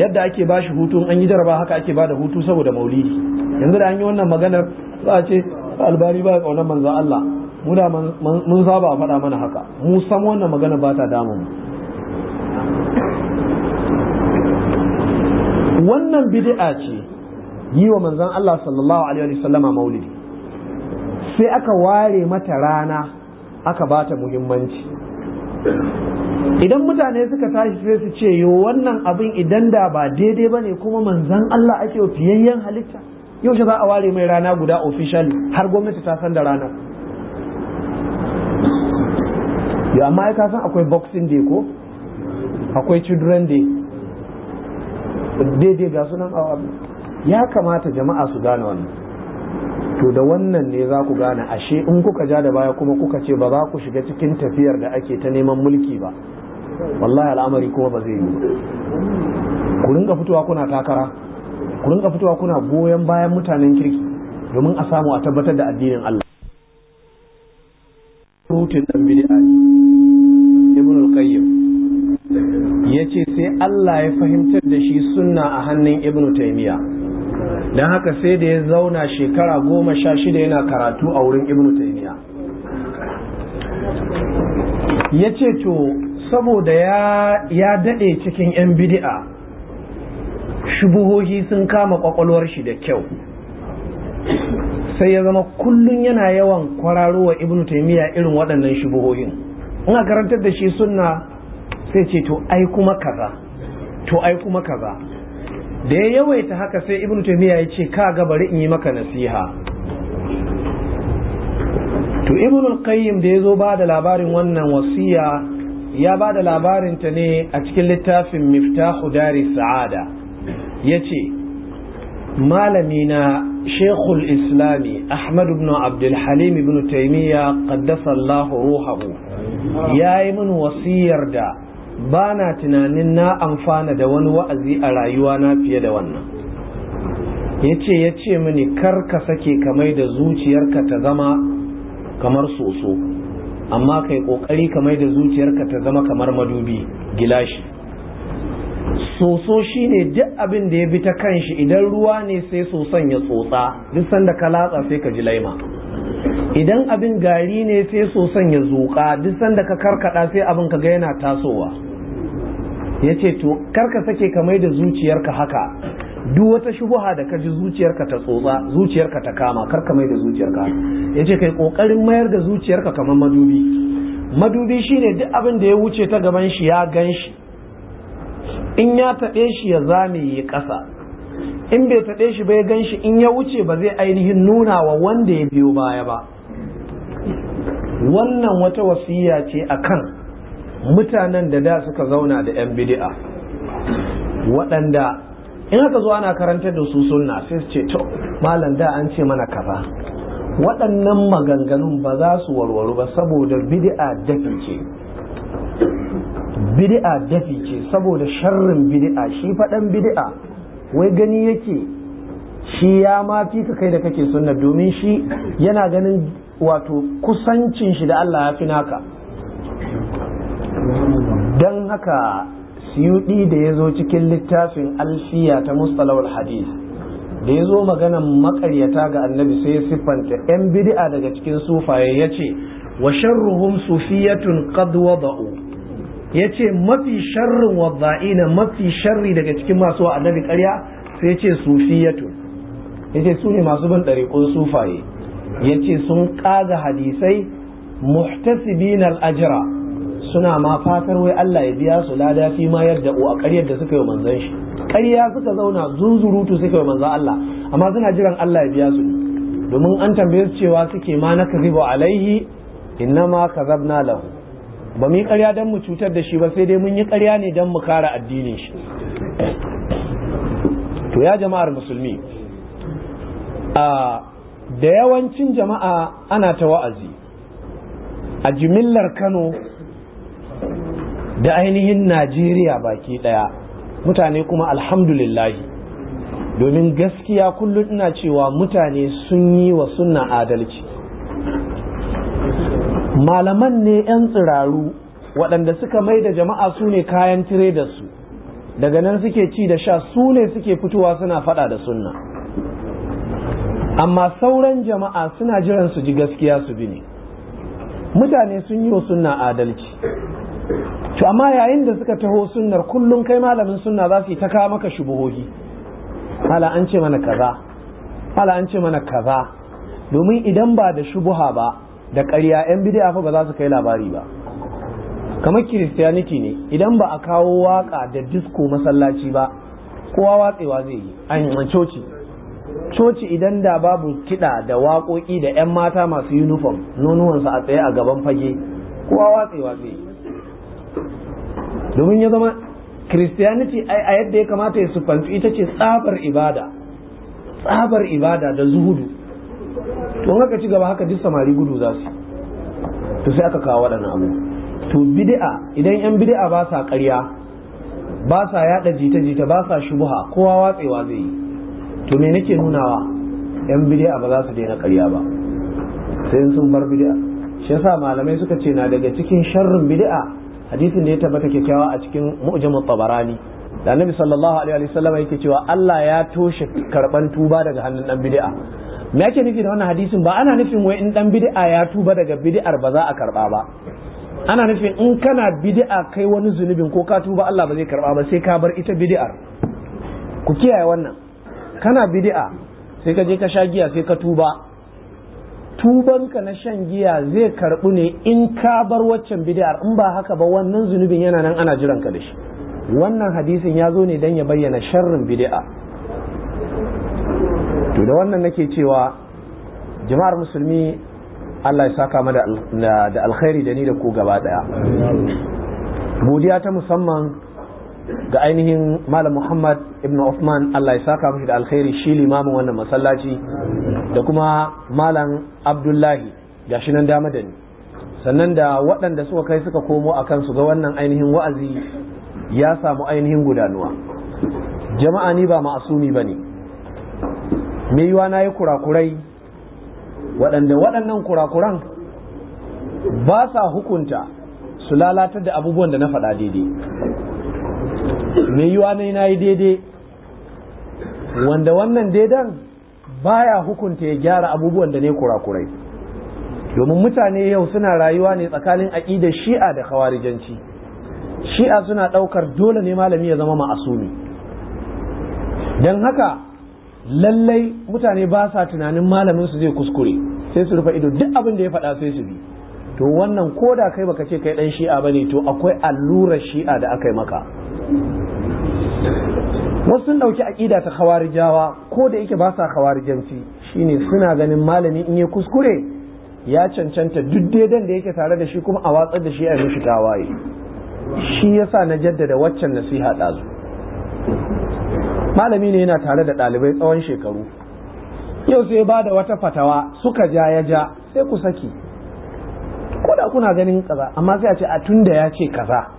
yadda ake ba shi hutu an yi jaraba haka ake ba da hutu saboda maulidi yanzu da an yi wannan maganar za a ce albari ba kaunar manzo Allah mun saba faɗa mana haka mu san wannan magana ba ta damu wannan bid'a ce yi wa manzon Allah sallallahu alaihi wa sallama maulidi sai aka ware mata rana aka bata muhimmanci idan mutane suka tashi sai su ce yo wannan abin idan da ba daidai ba ne kuma manzan Allah ake fiyayyen halitta yau za a ware mai rana guda official har gwamnati ta san da rana ya amma ya san akwai boxing day ko akwai children day daidai ga sunan a ya kamata jama'a su gane wannan to da wannan ne za ku gane ashe in kuka ja da baya kuma kuka ce ba za ku shiga cikin tafiyar da ake ta neman mulki ba wallahi al'amari kuma ba zai yi ku rinka fitowa kuna takara ku fitowa kuna goyon bayan mutanen kirki domin a samu a tabbatar da addinin Allah rutin dan bid'a yake sai Allah ya fahimtar da shi sunna a hannun ibn taimiya don haka sai da ya zauna shekara goma sha shida yana karatu a wurin ibn taimiya ya ce to saboda ya daɗe cikin 'yan bidi'a shubuhohi sun kama kwakwalwar shi da kyau sai ya zama kullum yana yawan kwararowa ibn taimiya irin waɗannan shubuhohin in a karantar da shi sunna sai ce to ai kuma kaza to ai kuma kaza da ya yawaita haka sai ibn taymiya ya ce ka ga bari in yi maka nasiha to ibn al-qayyim da yazo ba da labarin wannan wasiya ya ba da labarin ta ne a cikin littafin miftahu dari sa'ada yace malamina shekul islami ahmad ibn abdulhalim halim ibn taymiya qaddasa allah ya yayi min wasiyar da ba na tunanin na amfana da wani wa'azi a rayuwa na fiye da wannan ya ce ya ce mini karka sake kamai da zuciyarka ta zama kamar soso amma kai kokari kamai da zuciyarka ta zama kamar madubi gilashi soso shi ne duk abin da ya bi ta kan shi idan ruwa ne sai soson ya tsotsa duk sanda ka latsa sai ka ji laima idan abin gari ne sai soson ya zuƙa duk sanda ka karkada sai abin ka ga yana tasowa ya ce to karka sake ka mai da zuciyarka haka duk wata shubuha da ka ji zuciyarka ta tsotsa zuciyarka ta kama karka mai da zuciyarka ya ce kai kokarin mayar da zuciyarka kamar madubi madubi shine duk abin da ya wuce ta gaban shi ya gan shi in ya taɓe shi ya zame ya ƙasa in bai taɗe shi bai gan shi in ya wuce ba zai ainihin nuna wa wanda ya biyo baya ba wannan wata wasiya ce a kan mutanen da da suka zauna da 'yan bidi'a waɗanda in aka zo ana karantar da su sunna sai su ce to malam da an ce mana kaza waɗannan maganganun ba za su warwaru ba saboda bidi'a dafi ce bidi'a dafi ce saboda sharrin bidi'a shi faɗan bidi'a wai gani yake shi ya ma fi ka kai da kake sunna domin shi yana ganin wato kusancin shi da Allah ya fi naka don haka siyudi da ya zo cikin littafin alfiya ta mustalawar hadis da ya zo maganan makaryata ga annabi sai ya siffanta 'yan bid'a daga cikin sufaye ya ce wa sharruhum sufiyatun qad wada'u ya ce mafi sharrin na mafi sharri daga cikin masu wa annabi karya sai ce sufiyatu ya ce su ne masu bin ɗariƙun sufaye ya ce sun ƙaga hadisai muhtasibin al'ajira suna ma fatar wai Allah ya biya su lada fi ma yadda a ƙaryar da suka yi manzan shi ƙarya suka zauna zunzurutu suka yi manzan Allah amma suna jiran Allah ya biya su domin an tambaye su cewa suke ma na kazibu alaihi inna ka kazabna lahu ba mu yi ƙarya don mu cutar da shi ba sai dai mun yi ƙarya ne don mu kara addinin shi to ya jama'ar musulmi a da yawancin jama'a ana ta wa'azi a jimillar kano da ainihin najeriya baki ɗaya mutane kuma alhamdulillahi domin gaskiya kullum ina cewa mutane sun yi wa sunna adalci malaman ne 'yan tsiraru waɗanda suka mai da jama'a su ne kayan tire da su daga nan suke ci da sha su ne suke fitowa suna faɗa da sunna amma sauran jama'a suna jiran su ji gaskiya su bi ne mutane sun yi wa sunna adalci to amma yayin da suka taho sunnar kullum kai malamin sunna za su yi ta kawo maka shubuhohi hala an ce mana kaza hala an ce mana kaza domin idan ba da shubuha ba da ƙarya yan bid'a fa ba za su kai labari ba kamar christianity ne idan ba a kawo waƙa da disko masallaci ba kowa watsewa zai yi an coci coci idan da babu kiɗa da waƙoƙi da 'yan mata masu uniform nonuwansu a tsaye a gaban fage kowa watsewa zai yi domin ya zama kiristiyaniti a yadda ya kamata ya sufantu ita ce tsabar ibada tsabar ibada da zuhudu to haka ci gaba haka duk samari gudu za su to sai aka kawo waɗannan abu to bid'a idan yan bid'a ba sa ƙarya ba sa yada jita-jita ba sa shubuha kowa watsewa zai yi to me nake nunawa yan bidi'a ba za su daina ƙarya ba sai sun bar bidi'a. shi yasa malamai suka ce na daga cikin sharrin bid'a hadisin da ya tabbata kyakkyawa a cikin mu'jamut tabarani da annabi sallallahu alaihi wasallam yake cewa Allah ya toshe karban tuba daga hannun dan bid'a me ake nufi da wannan hadisin ba ana nufin wai in dan bid'a ya tuba daga bid'ar ba za a karba ba ana nufin in kana bid'a kai wani zunubin ko ka tuba Allah ba zai karba ba sai ka bar ita bid'ar ku kiyaye wannan kana bid'a sai ka je ka sha giya sai ka tuba Tuban ka na shan giya zai karbu ne in ka bar waccan bid'ar in ba haka ba wannan zunubin yana nan ana jiran ka da shi wannan hadisin ya zo ne dan ya bayyana sharrin bid'a to da wannan nake cewa jama'ar musulmi Allah ya saka mu da alkhairi da ni da ku gaba daya godiya ta musamman ga ainihin malam muhammad ibn Uthman Allah ya saka mu da alkhairi shi limamin wannan masallaci da kuma malam abdullahi gashi nan dama da ni sannan da waɗanda suka kai suka komo a kansu ga wannan ainihin wa'azi ya samu ainihin gudanuwa jama'a ni ba ma'asumi ba me yiwa na yi kurakurai waɗanda waɗannan kurakuran ba sa hukunta su lalatar da abubuwan da na faɗa daidai me yiwa na yi daidai wanda wannan daidan baya hukunta ya gyara abubuwan da ne kurakurai domin mutane yau suna rayuwa ne tsakanin aƙidar shi'a da khawarijanci shi'a suna ɗaukar dole ne malami ya zama ma'asumi don haka lallai mutane ba sa tunanin malamin su zai kuskure sai su rufe ido duk abin da ya faɗa sai su bi to wannan ko da kai baka ce kai dan shi'a bane to akwai allurar shi'a da aka yi maka wasu sun ɗauki aƙida ta khawarijawa ko da yake ba sa khawarijanci shine suna ganin malami in ya kuskure ya cancanta duk daidan da yake tare da shi kuma a watsar da shi a mishi tawaye shi yasa na jaddada waccan nasiha ɗazu malami ne yana tare da ɗalibai tsawon shekaru yau sai ba da wata fatawa suka ja ya ja sai ku saki ko da kuna ganin kaza amma sai a ce a tun da ya ce kaza